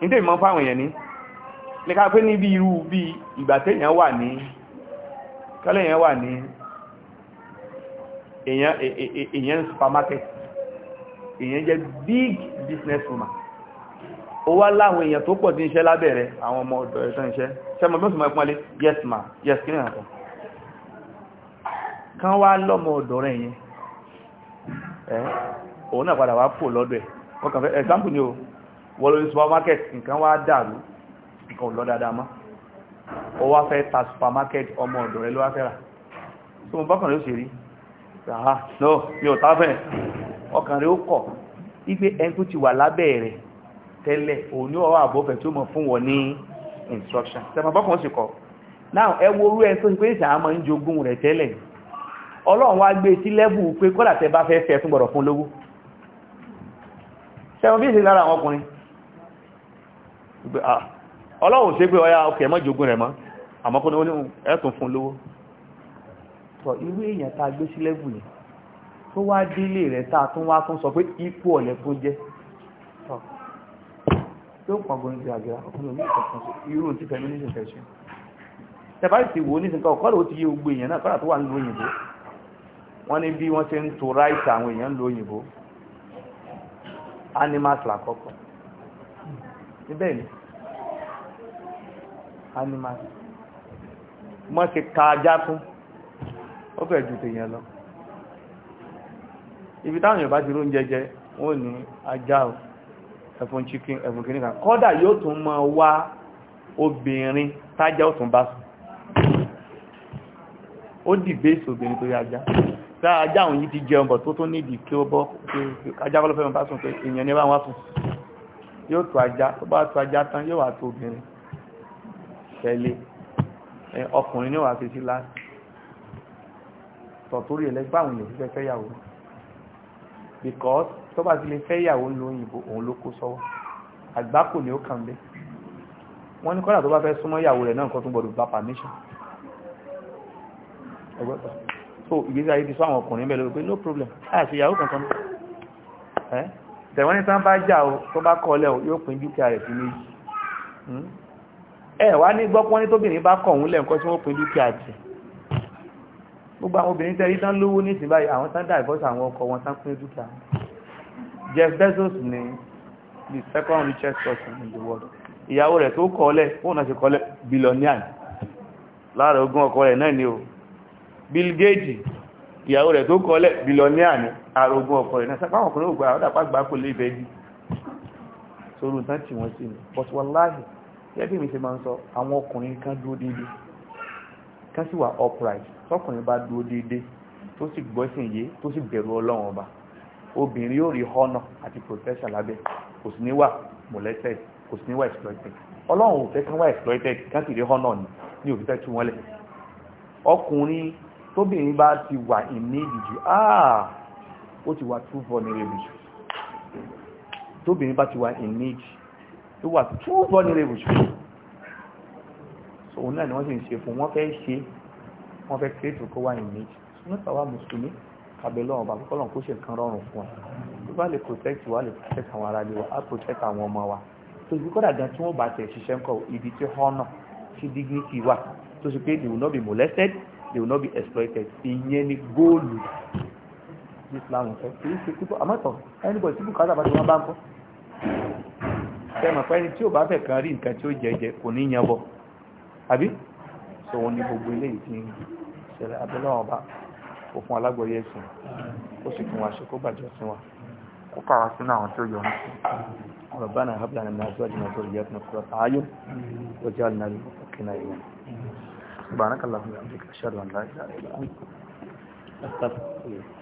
ní tèmi mọ́ fáwọn èèyàn ní ní ká pé níbi irú bí ìgbà téèyàn wà ní kọ́lẹ̀ èèyàn wà ní e, e, e, èèyàn supermarket èèyàn jẹ́ big business woman ó wá láwọn èèyàn tó pọ̀ tí iṣẹ́ lábẹ̀rẹ̀ àwọn ọmọ ọ̀dọ̀ ẹ̀ṣọ́ iṣẹ́ sẹ́mọ̀ bí ó sì mọ̀ ẹ̀pọ̀lẹ̀ yes ma yes kí ní àtọ̀ kan wá lọ́mọ ọ̀dọ̀ rẹ̀ yẹn òun náà padà wá pò wọ́n lórí supermarket nǹkan wá dàrú nǹkan lọ dáadáa má ó wá fẹ́ ta supermarket ọmọ ọ̀dọ̀ rẹ ló wá fẹ́ rà tó mú bákan ló ṣe rí àá no mi ò tá fẹ́ ọkàn rẹ ó kọ̀ wípé ẹni tó ti wà lábẹ́ rẹ̀ tẹ́lẹ̀ òun ní ọwọ́ àbọ̀fẹ́ tó mọ̀ fún wọn ní instruction tẹ̀mọ̀ bákan ó kọ̀ now ẹ wo orú ẹni tó ti pé ìṣàmọ́ ń jogún rẹ̀ tẹ́lẹ̀ ọlọ́run wá gbé sí lẹ́bù pé kọ́lá tẹ bá fẹ́ fẹ́ fún gbọ́dọ̀ fún lówó ṣẹ́wọ́n bí ìṣe lára àwọn ọkùnrin Ah, ọlọ́run ṣe pé ọya ọkẹ̀ mọ́jogún rẹ̀ mọ́ àmọ́kún ní ẹ̀tùn fún lówó tọ́ irú èèyàn tá gbé sí lẹ́bù yìí tó wá délé rẹ̀ tá tún wá tún sọ pé ipò ọ̀lẹ́ tó jẹ́ tó pọ̀gbọ̀n ìgbà àgbà ọkùnrin ní ìkọ̀kan irú ti feminism fẹ̀ṣẹ́ tẹbáyì ti wò ní ìsìnká ọ̀kọ́lù ó ti yé gbogbo èèyàn náà kọ́lá tó wà ní òyìnbó wọ́n ní bí wọ́n ṣe ń to ráìtì àwọn èèyàn lóyìnbó animals níbẹ̀ ni animal mọ́ ti ka ajá fún ó fẹ́ ju tèèyàn lọ ibi táwọn Yorùbá ti róúnjẹ jẹ wọ́n ní ajá o ẹ̀fún chicken ẹ̀fún kìnnìkan kọ́dà yóò tún mọ́ wá obìnrin tájá ó tún bá sùn ó dìgbé ìsòbìnrin tó yá ajá tá ajá òun yìí ti jẹun bọ̀ tó tún nídìí kí ó bọ́ ajá bọ́lọ́fẹ́ wọn bá sùn pé èèyàn ní bá wọn fún yóò tu ajá tó bá tu ajá tán yóò wà tó obìnrin tẹ́lẹ̀ ọkùnrin ní wà fi sí láti tọ̀tórí ẹlẹ́gbẹ́ àwọn èèyàn fífẹ́ fẹ́yàwó because tó bá ti lè fẹ́yàwó ń lo òyìnbó òun ló kó sọ́wọ́ àgbákò ni ó kàn bẹ́ wọ́n ní kọ́dà tó bá fẹ́ súnmọ́ ìyàwó rẹ̀ náà nǹkan tó gbọ́dọ̀ gba permission so ìgbésí ayé ti sọ àwọn ọkùnrin bẹ́ẹ̀ lórí pé no problem àìsí ìyàwó kankan ẹ́ tẹ̀wọ́n ní tán bá jà o tó bá kọlẹ̀ o yóò pín dúkìá rẹ̀ sí méjì hmm? ẹ wá ní gbọ́pọ́n ní tóbìnrin bá kọ̀ òun lẹ́ǹkan tí wọ́n pín dúkìá jẹ gbogbo àwọn obìnrin tẹ́rí tán lówó ní ìsìn báyìí àwọn tán divorce àwọn ọkọ wọn tán pín dúkìá Jeff Bezos ni the second richest person in the world ìyàwó rẹ̀ tó kọlẹ̀ fóun náà ṣe kọlẹ̀ billionaire lára ogún ọkọ rẹ̀ náà ni o Bill Gates ìyàwó rẹ̀ tó kọlẹ̀ bílọ́níà ní arógún ọkọ rẹ̀ náà sápáwọn ọkùnrin ògbà àwọ́dàpá gbà kò lè bẹ́ẹ̀ sórú tán tí wọ́n sí ni but wàláhì yẹ́bí mi ṣe máa ń sọ àwọn ọkùnrin kan dúró déédé kan sì wà upright tọkùnrin bá dúró déédé tó sì gbọ́sìn yé tó sì bẹ̀rù ọlọ́run ọba obìnrin yóò rí honour àti protection lábẹ́ kò sí ní wà molested kò sí ní exploited ọlọ́run ò fẹ́ kán wà exploited kán sì rí honour ni ní òfin fẹ́ tú wọn tóbìnrin bá ti wà ìní ìdìjú ah ó ti wà too vulnerable jù tóbìnrin bá ti wà in need tó wà too vulnerable jù so òun náà ni wọ́n sì ń ṣe fún wọ́n fẹ́ ṣe wọ́n fẹ́ create kó wà in need nípa wa mùsùlùmí kàbẹ̀lọ́ ọba kọ́lọ̀n kó ṣe nǹkan rọrùn fún wa tó bá lè protect wa lè protect àwọn aráàlú protect àwọn ọmọ wa tó sì kọ́dà gan tí wọ́n bá tẹ̀ ṣiṣẹ́ ń kọ́ ibi tí honour tí dignity wà tó sì pé they will not be molested they will not be exploited ìyẹn ni góòlù Islam fẹ́ kì í ṣe pípọ̀ àmọ́tàn anybody tí bùkátà bá ti wọ́n bá ń kọ́ tẹ́mọ̀ pẹ́ni tí ò bá fẹ́ kan rí nǹkan tí ó jẹjẹ kò ní yanbọ̀ àbí sọ wọn ni gbogbo ilé ìdí ṣẹlẹ̀ abẹ́lẹ́wọ̀n bá kò fún alágbọ̀yé ẹ̀sìn ó sì fún wa ṣe kó bàjẹ́ sí wa kó kà wá sínú àwọn tí ó yọ wọn ربنا هب لنا من ازواجنا وذرياتنا قرة اعين واجعلنا للمتقين اماما subhanakallahumma wa bihamdika ashhadu an la ilaha illa anta astaghfiruka